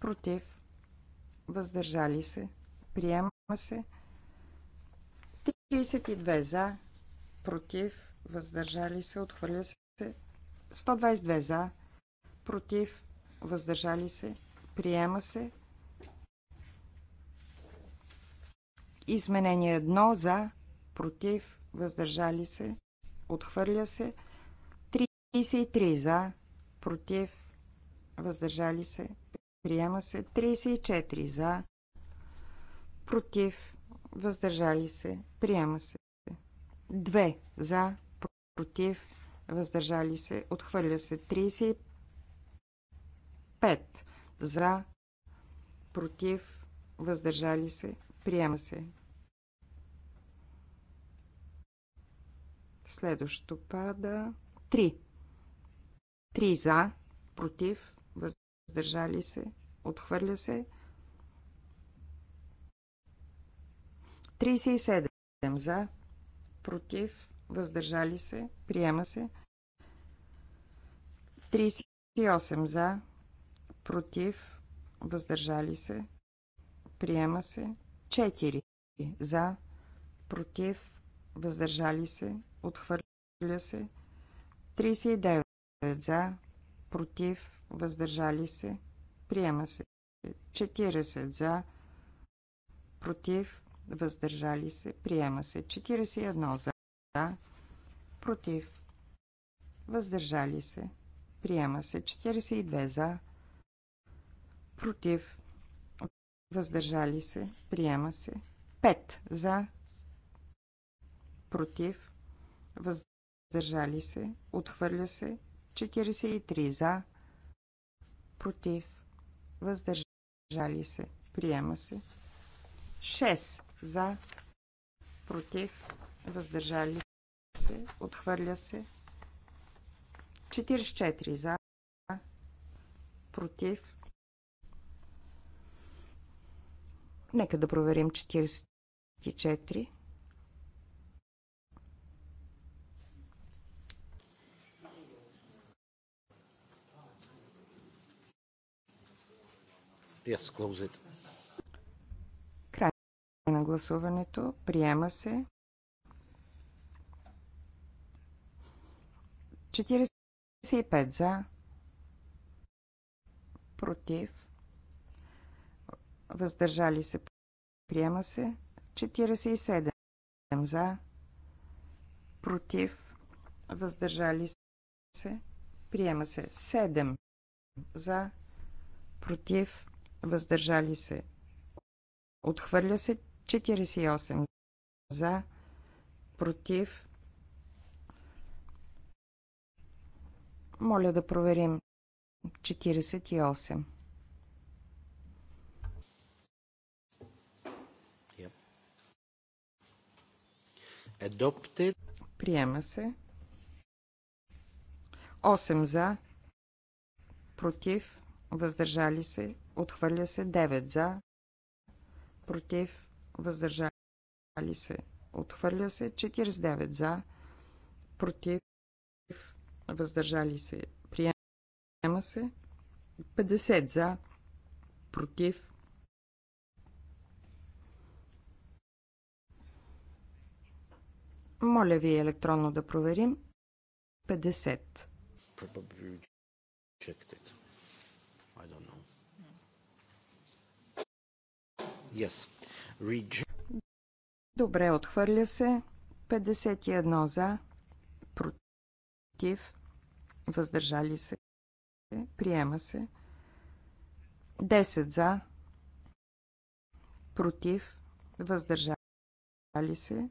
против, въздържали се, приема се. 32 за, против, въздържали се, отхвърля се. 122 за, против, въздържали се, приема се. Изменение 1 за, против, въздържали се, отхвърля се. 33 за, против, въздържали се, приема се. 34 за, против, въздържали се, приема се. 2 за, против, въздържали се, отхвърля се. 35 5 за, против, въздържали се, приема се. Следващото пада 3. 3 за, против, въздържали се, отхвърля се. 37 за, против, въздържали се, приема се. 38 за, против, въздържали се, приема се. 4 за, против, въздържали се, отхвърля се. 39 за, против, въздържали се, приема се. 40 за, против, въздържали се, приема се. 41 за, за против, въздържали се, приема се. 42 за, против, против, въздържали се, приема се. 5 за, против, въздържали се, отхвърля се. 43 за, против, въздържали се, приема се. 6 за, против, въздържали се, отхвърля се. 44 за, против, Нека да проверим 44. Yes, close it. Край на гласуването. Приема се. 45 за. Против въздържали се, приема се. 47 за, против, въздържали се, приема се. 7 за, против, въздържали се, отхвърля се. 48 за, против. Моля да проверим. 48. Adopted. Приема се. 8 за, против, въздържали се, отхвърля се. 9 за, против, въздържали се, отхвърля се. 49 за, против, въздържали се, приема се. 50 за, против, Моля ви електронно да проверим. 50. Yes. Добре, отхвърля се. 51 за, против, въздържали се, приема се. 10 за, против, въздържали се,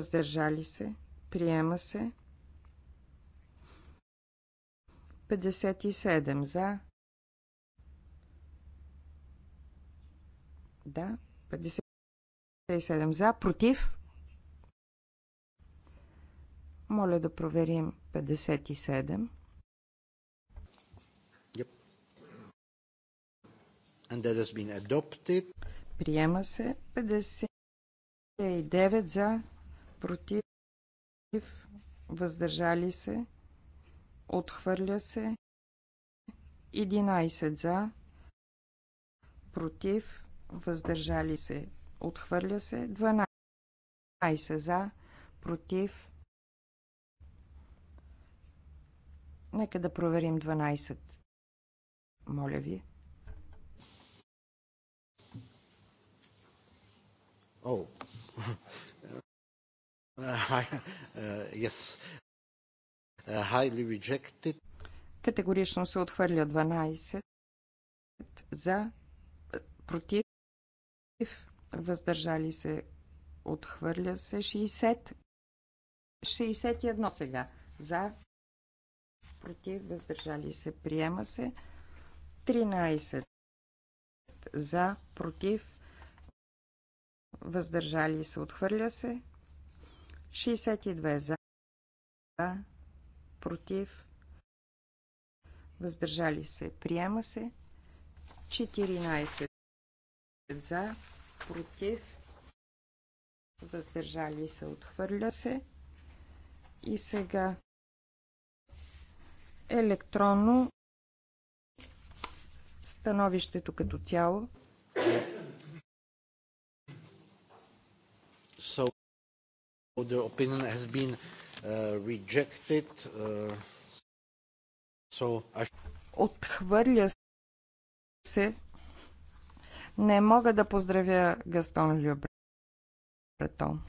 въздържали се, приема се. 57 за. Да, 57 за, против. Моля да проверим 57. And that has been adopted. Приема се 59 за, против, въздържали се, отхвърля се, 11 за, против, въздържали се, отхвърля се, 12 за, против. Нека да проверим 12. Моля ви. Oh. Uh, uh, uh, Категорично се отхвърля 12 за, против, въздържали се, отхвърля се 60. 61 сега. За, против, въздържали се, приема се 13 за, против, въздържали се, отхвърля се 62 за, против, въздържали се, приема се. 14 за, против, въздържали се, отхвърля се. И сега електронно становището като цяло. Е, the opinion has been uh, rejected. Uh, so I... Отхвърля се. Не мога да поздравя Гастон Любретон.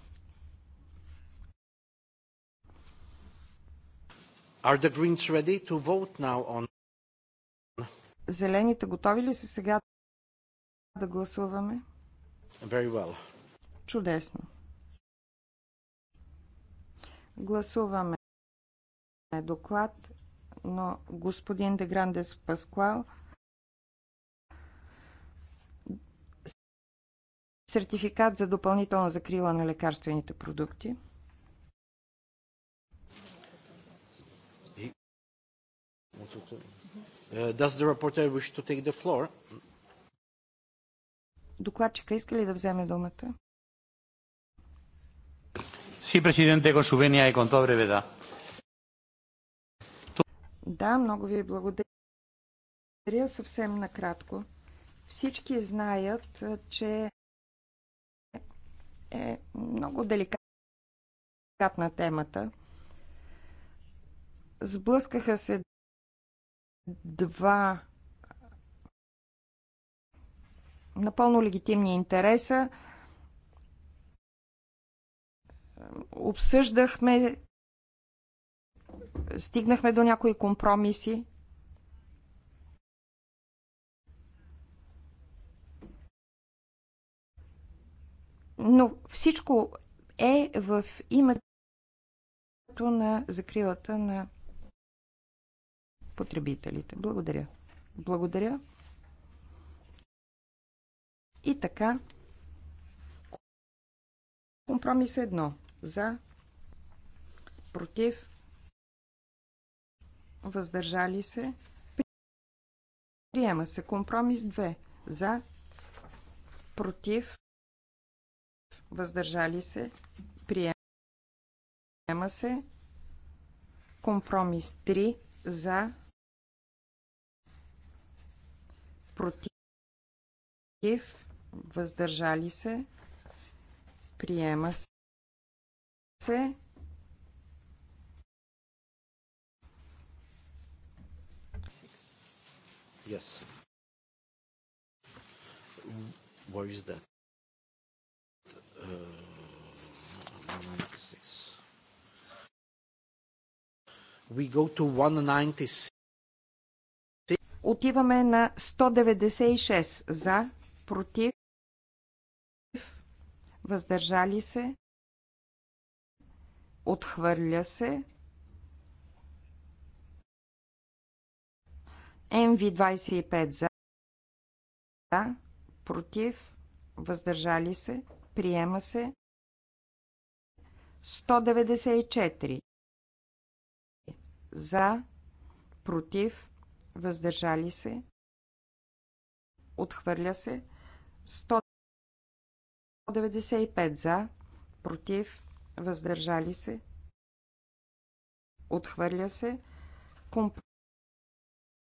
Are the Greens ready to vote now on? Зелените готови ли са сега да гласуваме? Very well. Чудесно. Гласуваме доклад, но господин Деграндес Паскуал сертификат за допълнителна закрила на лекарствените продукти. Uh, does the reporter wish to take the floor? Докладчика иска ли да вземе думата? Sí, presidente, con su venia y con toda brevedad. Да, много ви благодаря. Съвсем накратко. Всички знаят, че е много деликатна темата. Сблъскаха се два напълно легитимни интереса обсъждахме, стигнахме до някои компромиси. Но всичко е в името на закрилата на потребителите. Благодаря. Благодаря. И така, компромис едно за, против, въздържали се, приема се. Компромис 2 за, против, въздържали се, приема се. Компромис 3 за, против, въздържали се, приема се. C. Yes. Where is that? Uh, We go to 196. Отиваме на 196 за, против, въздържали се, Отхвърля се. МВ-25 за. за. Против. Въздържали се. Приема се. 194. За. Против. Въздържали се. Отхвърля се. 195 за. Против въздържали се, отхвърля се.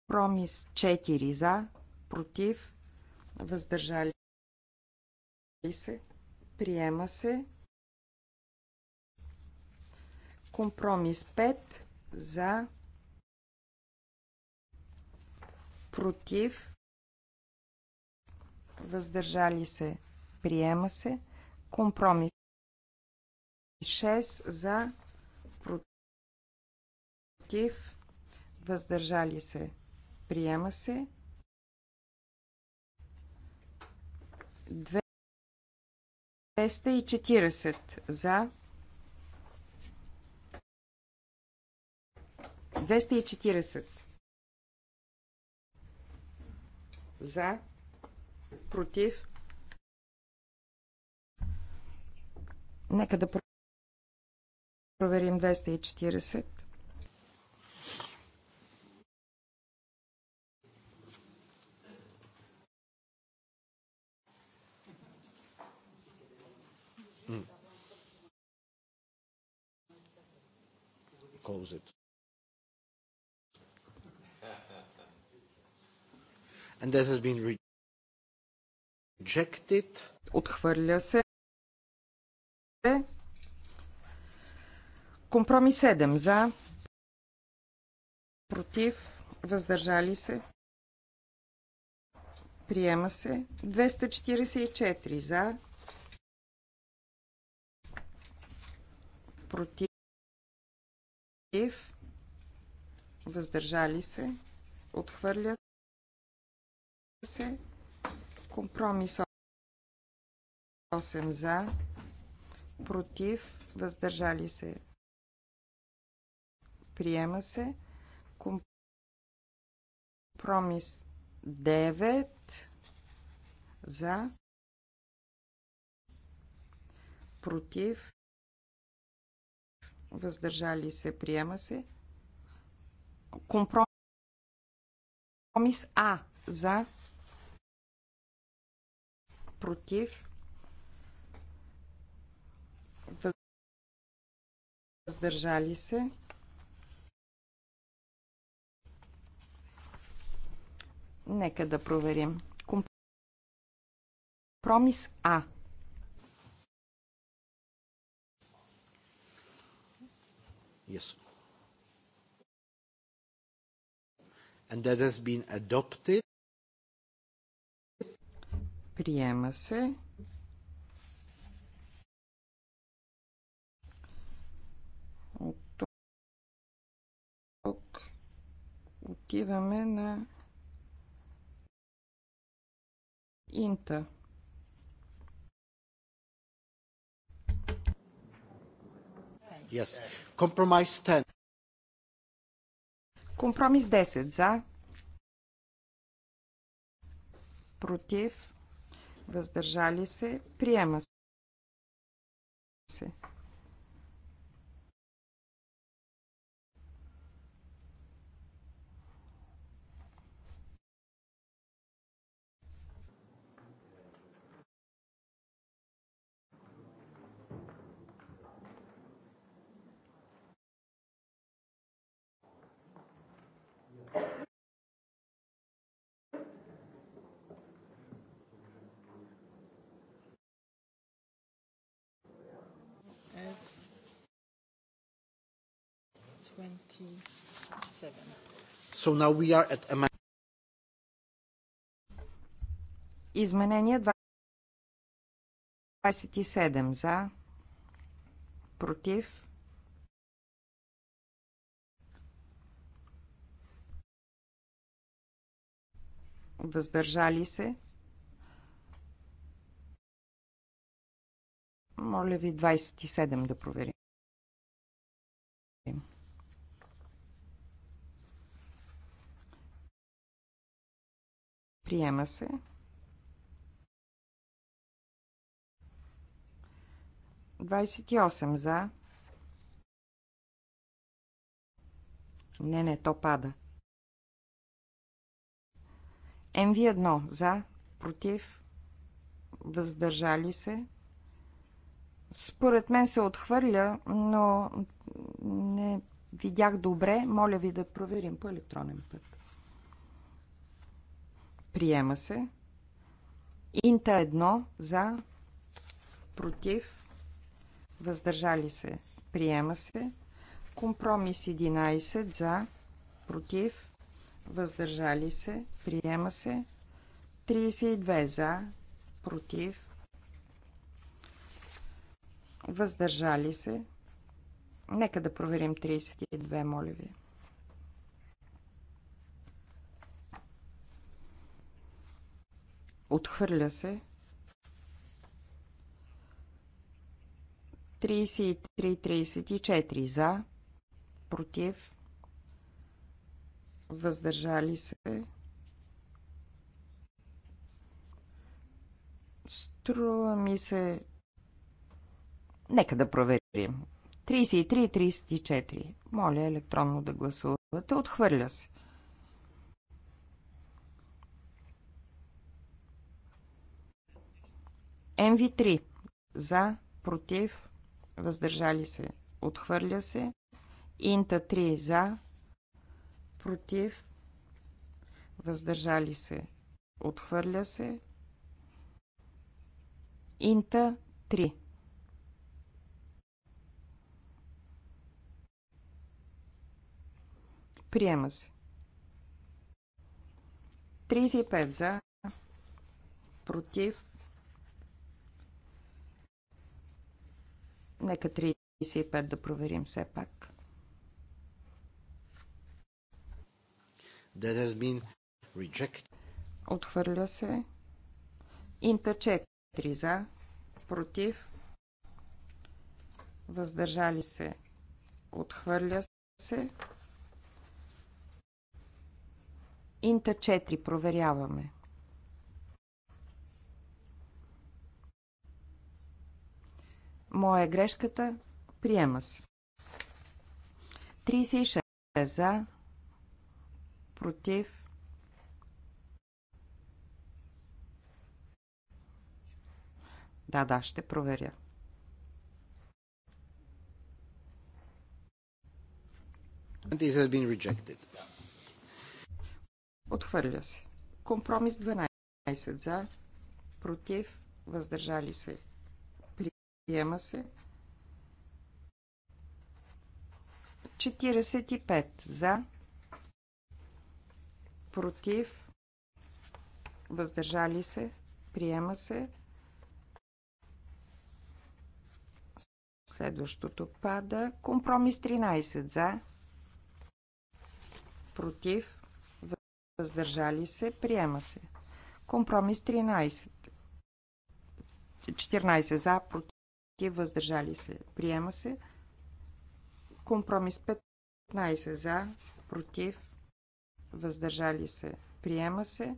Компромис 4 за, против, въздържали се, приема се. Компромис 5 за, против, въздържали се, приема се. Компромис 6 за, против, въздържали се, приема се. 240 за, 240 за, против. Нека да проверим 240. close it. And that has been rejected. Отхвърля се. Компромис 7 за, против, въздържали се, приема се. 244 за, против, въздържали се, отхвърлят се. Компромис 8 за, против, въздържали се, Приема се. Компромис 9 за. Против. Въздържали се. Приема се. Компромис А за. Против. Въздържали се. Нека да проверим. Компромис А. Yes. And that has been adopted. Приема се. отиваме на Инта. Yes. Компромис 10. Компромис 10 за. Против. Въздържали се. Приема се. So now we are at Изменение 27 за, против, въздържали се. Моля ви 27 да проверим. Приема се. Двадесет и осем за. Не, не, то пада. МВ1 за, против, въздържали се. Според мен се отхвърля, но не видях добре. Моля ви да проверим по електронен път. Приема се. Инта 1 за, против, въздържали се. Приема се. Компромис 11 за, против, въздържали се. Приема се. 32 за, против, въздържали се. Нека да проверим 32, моля ви. Отхвърля се. 33-34 за, против, въздържали се. Струва ми се... Нека да проверим. 33-34. Моля електронно да гласувате. Отхвърля се. МВ3 за, против, въздържали се, отхвърля се. Инта 3 за, против, въздържали се, отхвърля се. Инта 3 Приема се. 35 за, против, Нека 35 да проверим все пак. That has been rejected. Отхвърля се. Инта 4 за, против, въздържали се. Отхвърля се. Инта 4 проверяваме. Моя е грешката приема се. 36 за, против, Да, да, ще проверя. This has been rejected. Отхвърля се. Компромис 12 за, против, въздържали се, Приема се. 45 за, против, въздържали се, приема се. Следващото пада. Компромис 13 за, против, въздържали се, приема се. Компромис 13. 14 за, против против, въздържали се, приема се. Компромис 15 за, против, въздържали се, приема се.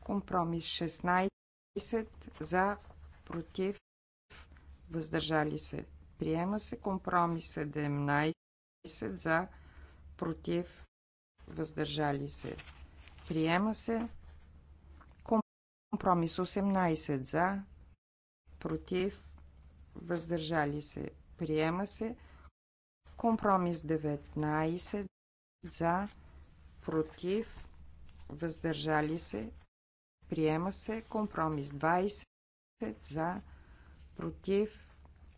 Компромис 16 за, против, въздържали се, приема се. Компромис 17 за, против, въздържали се, приема се. Компромис 18 за, против, въздържали се, приема се. Компромис 19 за, против, въздържали се, приема се. Компромис 20 за, против,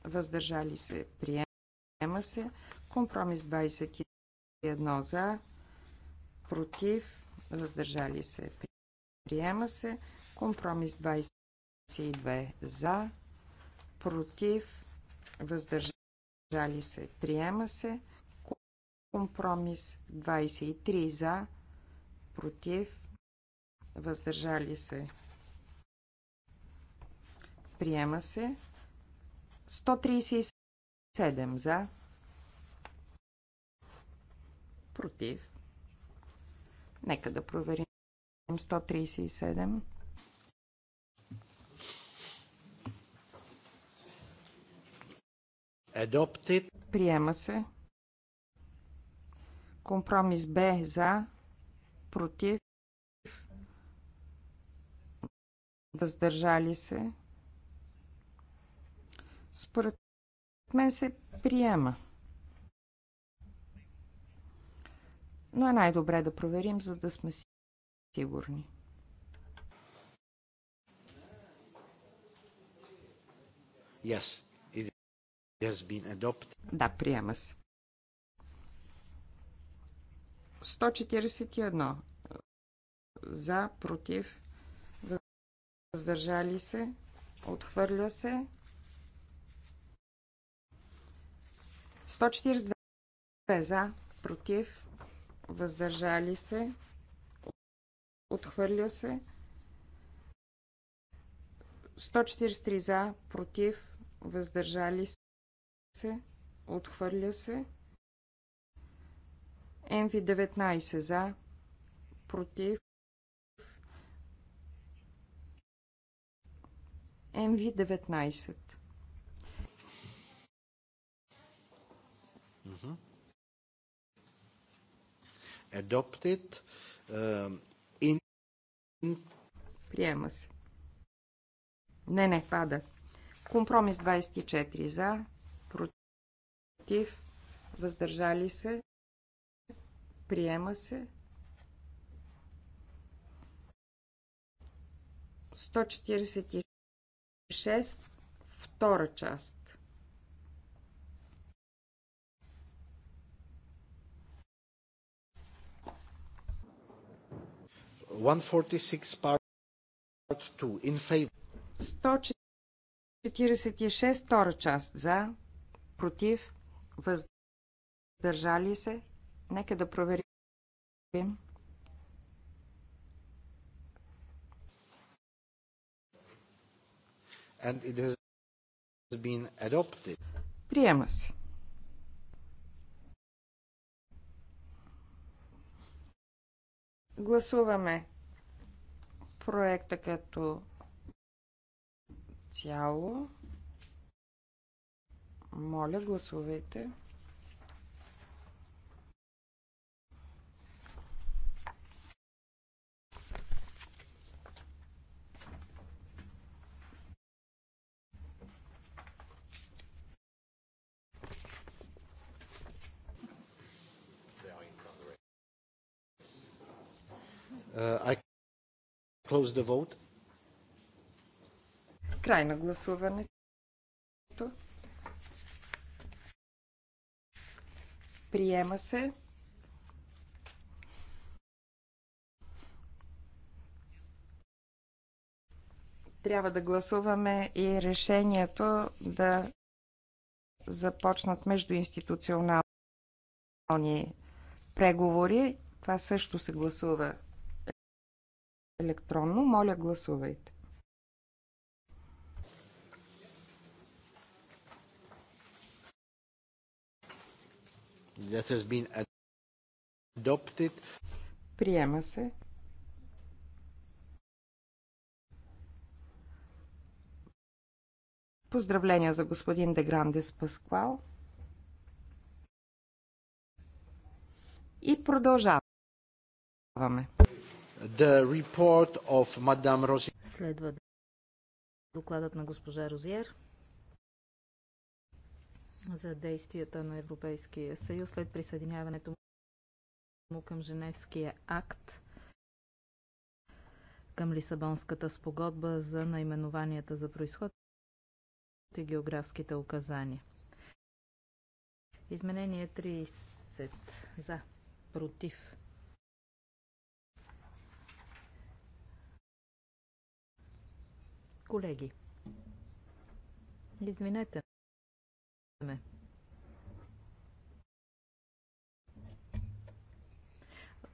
въздържали се, приема се. Компромис 21 за, против, въздържали се, приема се. Компромис 22 за, против, въздържали се, приема се. Компромис 23 за, против, въздържали се, приема се. 137 за, против. Нека да проверим 137. Adopted. Приема се. Компромис Б за, против, въздържали се. Според мен се приема. Но е най-добре да проверим, за да сме сигурни. Yes. Да, приема се. 141. За, против, въздържали се, отхвърля се. 142. За, против, въздържали се, отхвърля се. 143 за, против, въздържали се се, отхвърля се. МВ-19 за, против. МВ-19. Mm-hmm. Adopted. Uh, in... Приема се. Не, не, пада. Компромис 24 за, против, въздържали се, приема се. 146, втора част. One forty six part two in favor. 146 втора част за, против, въздържали се. Нека да проверим. And it has been adopted. Приема се. Гласуваме проекта като цяло. Моля, гласувайте. Uh, close the vote. Край на гласуването. Приема се. Трябва да гласуваме и решението да започнат междуинституционални преговори. Това също се гласува електронно. Моля, гласувайте. that has been adopted. Приема се. Поздравления за господин Деграндес Пасквал. И продължаваме. The report of Madame Следва докладът на госпожа Розиер за действията на Европейския съюз след присъединяването му към Женевския акт към Лисабонската спогодба за наименованията за происход и географските указания. Изменение 30. За. Против. Колеги, извинете гласуваме.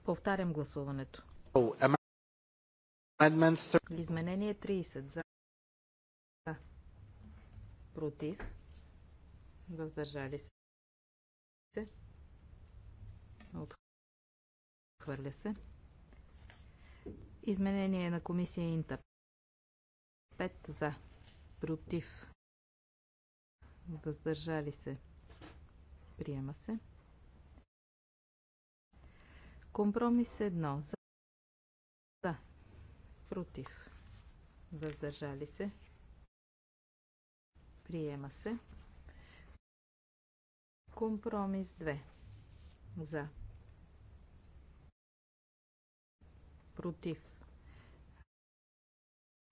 Повтарям гласуването. Изменение 30 за. Против. Въздържали се. Отхвърля се. Изменение на комисия Инта. 5 за. Против въздържали се, приема се. Компромис 1 за, за, против, въздържали се, приема се. Компромис 2 за, против,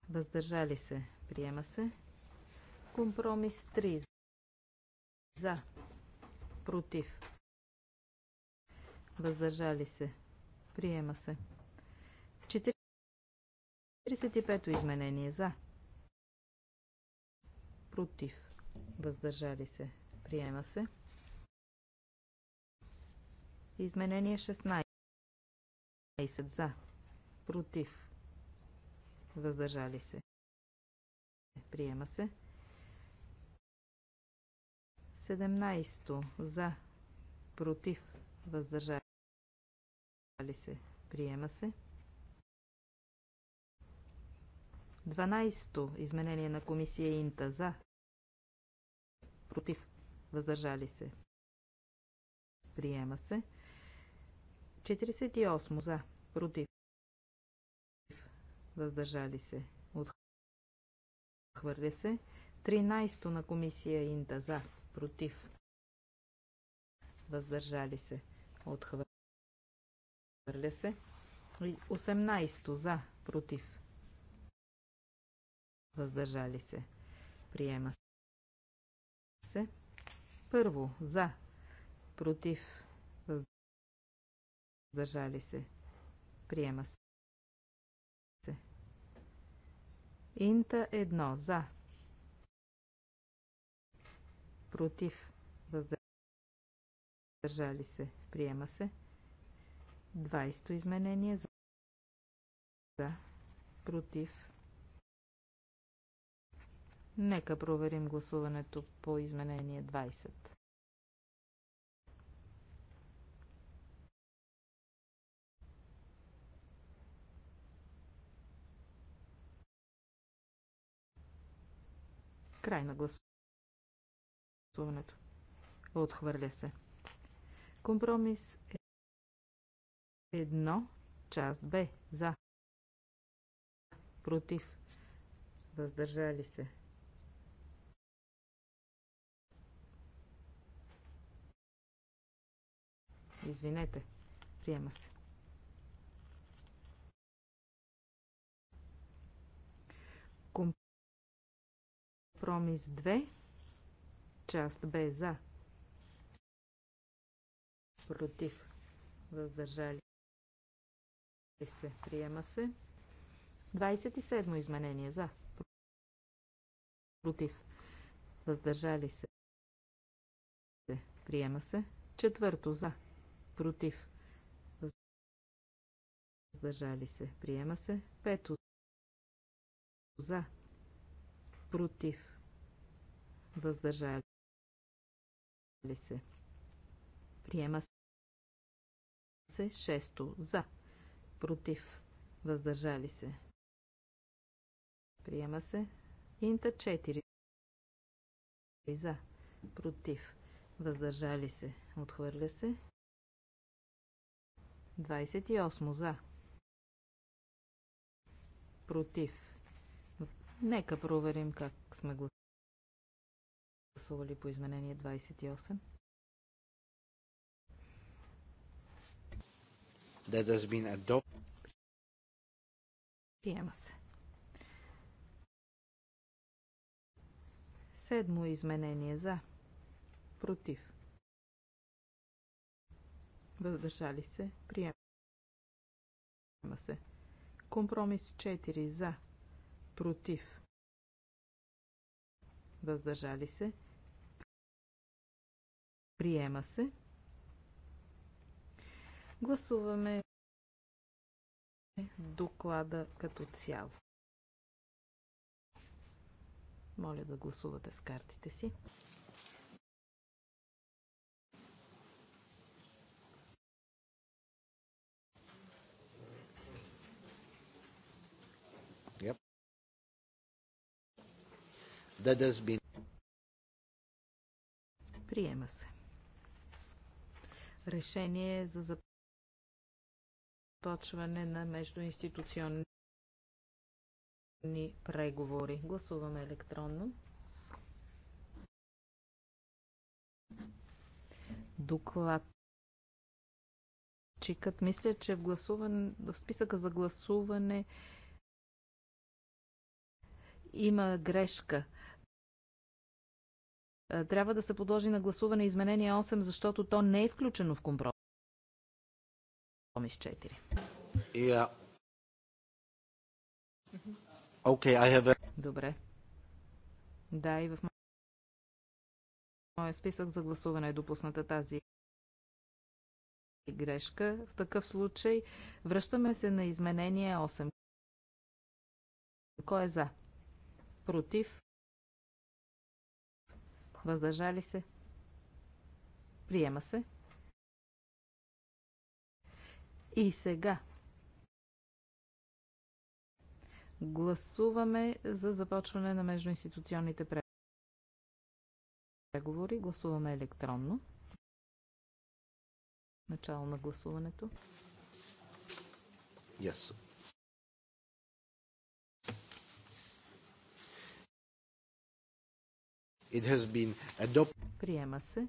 въздържали се, приема се. Компромис 3 за. Против. Въздържали се. Приема се. 45-то изменение. За. Против. Въздържали се. Приема се. Изменение 16. За. Против. Въздържали се. Приема се. 17 за, против, въздържали се, приема се. 12 изменение на комисия Инта за, против, въздържали се, приема се. 48 за, против, въздържали се, отхвърля се. 13 на комисия Инта за, против, въздържали се, отхвърля се. 18 за, против, въздържали се, приема се. Първо за, против, въздържали се, приема се. Инта 1 за, против, въздържали се, приема се. 20 изменение за, за против. Нека проверим гласуването по изменение 20. Край на гласа гласуването. Отхвърля се. Компромис едно част Б. За. Против. Въздържали се. Извинете. Приема се. Компромис 2, Част Б за. Против. Въздържали се. Приема се. 27 изменение за. Против. Въздържали се. Приема се. Четвърто за. Против. Въздържали се. Приема се. Пето за. Против. Въздържали ли се. Приема се шесто за, против, въздържали се. Приема се инта 4 за, против, въздържали се, отхвърля се. 28 за, против. Нека проверим как сме гласували гласували по изменение 28? That has been Приема се. Седмо изменение за. Против. Въздържали се. Приема се. Компромис 4 за. Против. Въздържали се. Приема се. Гласуваме доклада като цяло. Моля да гласувате с картите си. Yep. That has been... Приема се решение за започване на междуинституционни преговори. Гласуваме електронно. Доклад Чикът. Мисля, че в, гласуване, в списъка за гласуване има грешка. Е, трябва да се подложи на гласуване изменение 8, защото то не е включено в компромис 4. Yeah. Okay, I have a... Добре. Да, и в моя списък за гласуване е допусната тази грешка. В такъв случай връщаме се на изменение 8. Кой е за? Против? въздържали се, приема се. И сега гласуваме за започване на междуинституционните преговори. Гласуваме електронно. Начало на гласуването. Yes. It has been adopted. Приема се.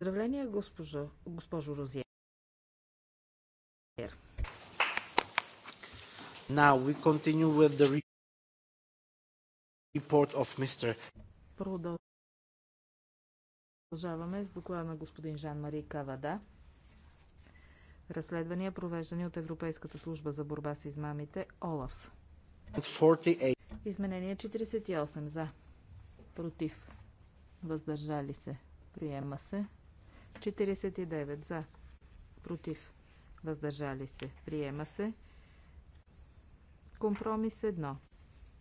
Поздравления, госпожо, госпожо Розия. Now we continue with the report of Mr. Продължаваме с доклада на господин Жан-Мари Кавада. Разследвания, провеждани от Европейската служба за борба с измамите, ОЛАФ. 48. Изменение 48 за. Против. Въздържали се. Приема се. 49 за. Против. Въздържали се. Приема се. Компромис 1.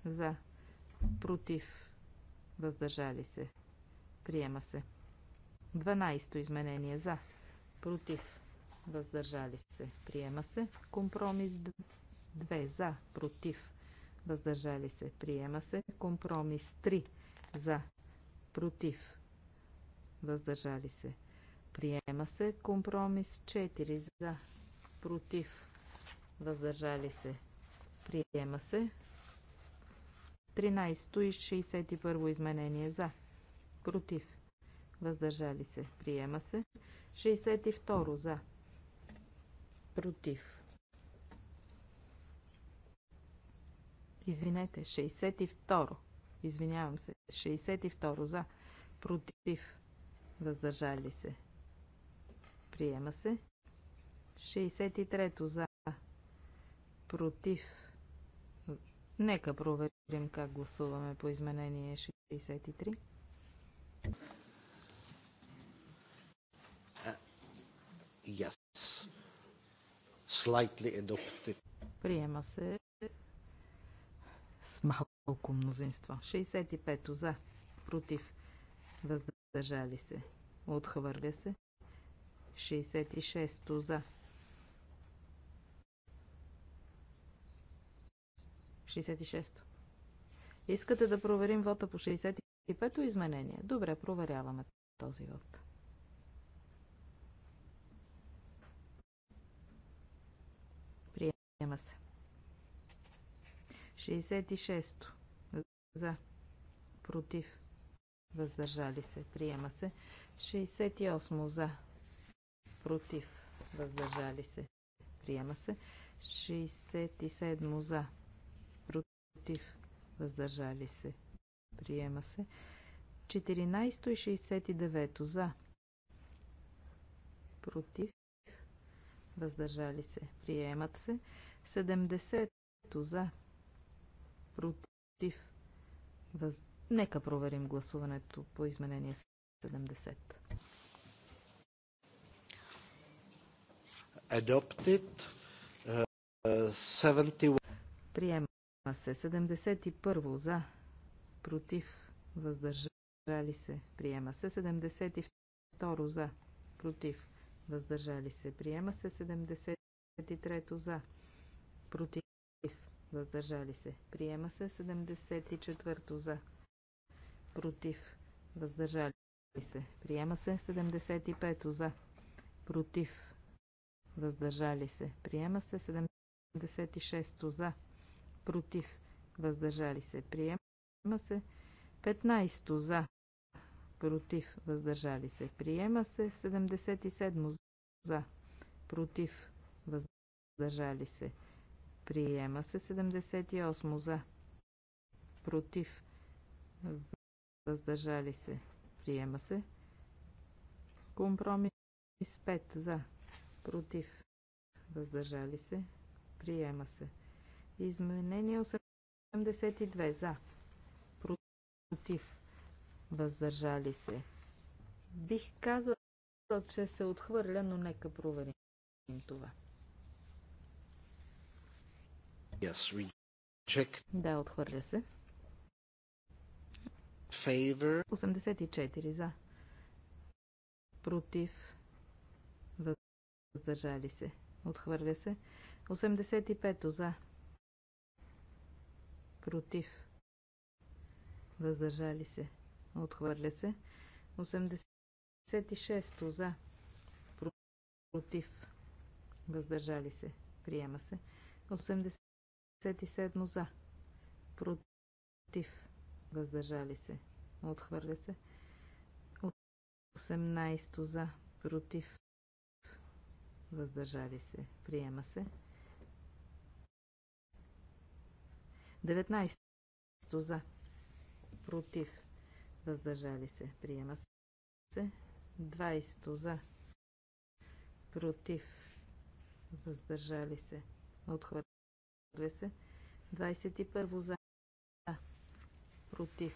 За. Против. Въздържали се. Приема се. 12 изменение за. Против. Въздържали се. Приема се. Компромис 2. За. Против въздържали се, приема се. Компромис 3 за, против, въздържали се, приема се. Компромис 4 за, против, въздържали се, приема се. 13 и 61 изменение за, против, въздържали се, приема се. 62 за, против, Извинете, 62. Извинявам се. 62 за. Против. Въздържали се. Приема се. 63 за. Против. Нека проверим как гласуваме по изменение 63. yes. Slightly adopted. Приема се с малко мнозинство. 65 за, против, въздържали се, отхвърля се. 66 за. 66. Искате да проверим вота по 65-то изменение? Добре, проверяваме този вод. Приема се. 66 за, против, въздържали се, приема се. 68 за, против, въздържали се, приема се. 67 за, против, въздържали се, приема се. 14 и 69 за, против, въздържали се, приемат се. 70 за, против. Въз... Нека проверим гласуването по изменение 70. Adopted uh, 71. Приема се 71 за, против, въздържали се. Приема се 72 за, против, въздържали се. Приема се 73 за, против, въздържали се. Приема се 74 за, против, въздържали се. Приема се 75 за, против, въздържали се. Приема се 76 за, против, въздържали се. Приема се 15 за, против, въздържали се. Приема се 77 за, против, въздържали се. Приема се 78 за. Против. Въздържали се. Приема се. Компромис 5 за. Против. Въздържали се. Приема се. Изменение 82 за. Против. Въздържали се. Бих казал, че се отхвърля, но нека проверим това. Yes, reject. Да, отхвърля се. Favor. 84 за. Против. Въздържали се. Отхвърля се. 85 за. Против. Въздържали се. Отхвърля се. 86 за. Против. Въздържали се. Приема се. 57 за. Против. Въздържали се. Отхвърля се. 18 за. Против. Въздържали се. Приема се. 19 за. Против. Въздържали се. Приема се. 20 за. Против. Въздържали се. Отхвърля 21 за. Против.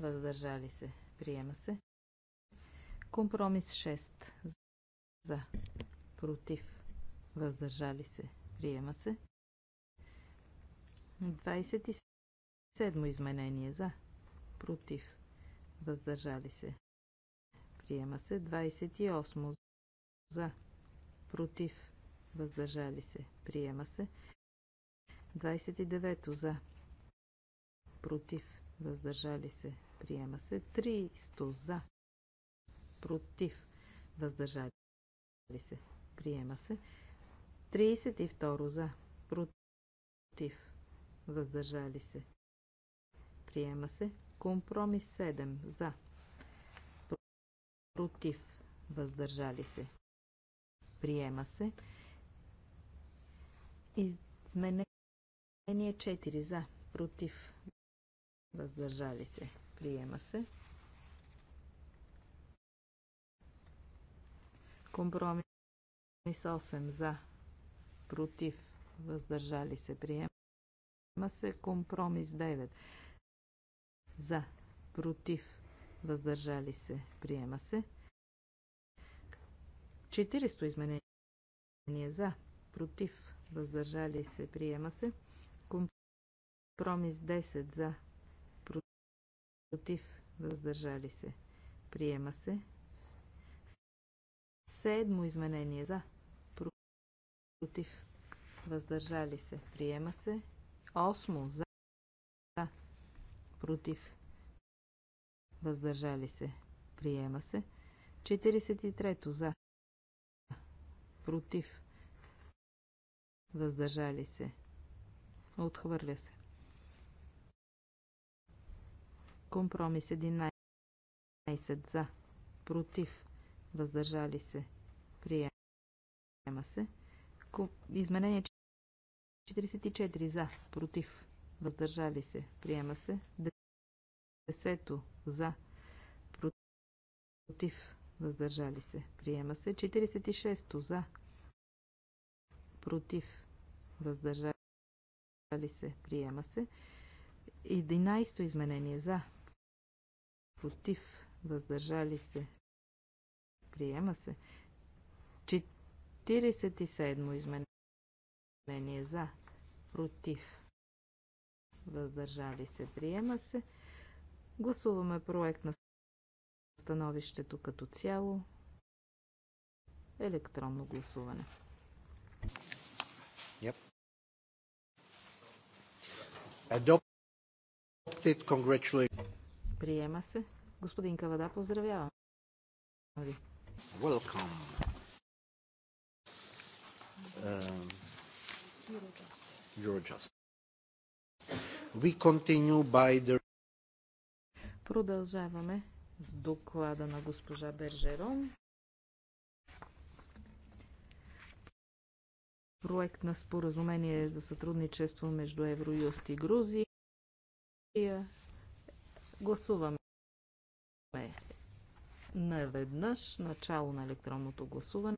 Въздържали се. Приема се. Компромис 6 за. Против. Въздържали се. Приема се. 27 изменение за. Против. Въздържали се. Приема се. 28 за. Против. Въздържали се. Приема се. 29 за. Против. Въздържали се. Приема се. 300 за. Против. Въздържали се. Приема се. 32 за. Против. Въздържали се. Приема се. Компромис 7 за. Против. Въздържали се. Приема се. Изменение Изменение 4 за, против, въздържали се, приема се. Компромис 8 за, против, въздържали се, приема се. Компромис 9 за, против, въздържали се, приема се. 400 изменение за, против, въздържали се, приема се. Промис 10 за. Против. Въздържали се. Приема се. Седмо изменение за. Против. Въздържали се. Приема се. Осмо за. Против. Въздържали се. Приема се. 43 за. Против. Въздържали се. Отхвърля се. Компромис 11 за. Против. Въздържали се. Приема се. Изменение 44 за. Против. Въздържали се. Приема се. 10 за. Против. Въздържали се. Приема се. 46 за. Против. Въздържали се. Приема се. 11 изменение за против, въздържали се, приема се. 47 изменение за, против, въздържали се, приема се. Гласуваме проект на становището като цяло. Електронно гласуване. Yep. Adopted. Congratulations. Приема се. Господин Кавада, поздравявам Welcome. Uh, We continue by the... Продължаваме с доклада на госпожа Бержерон. Проект на споразумение за сътрудничество между Евроюст и Грузия. Гласуваме наведнъж начало на електронното гласуване.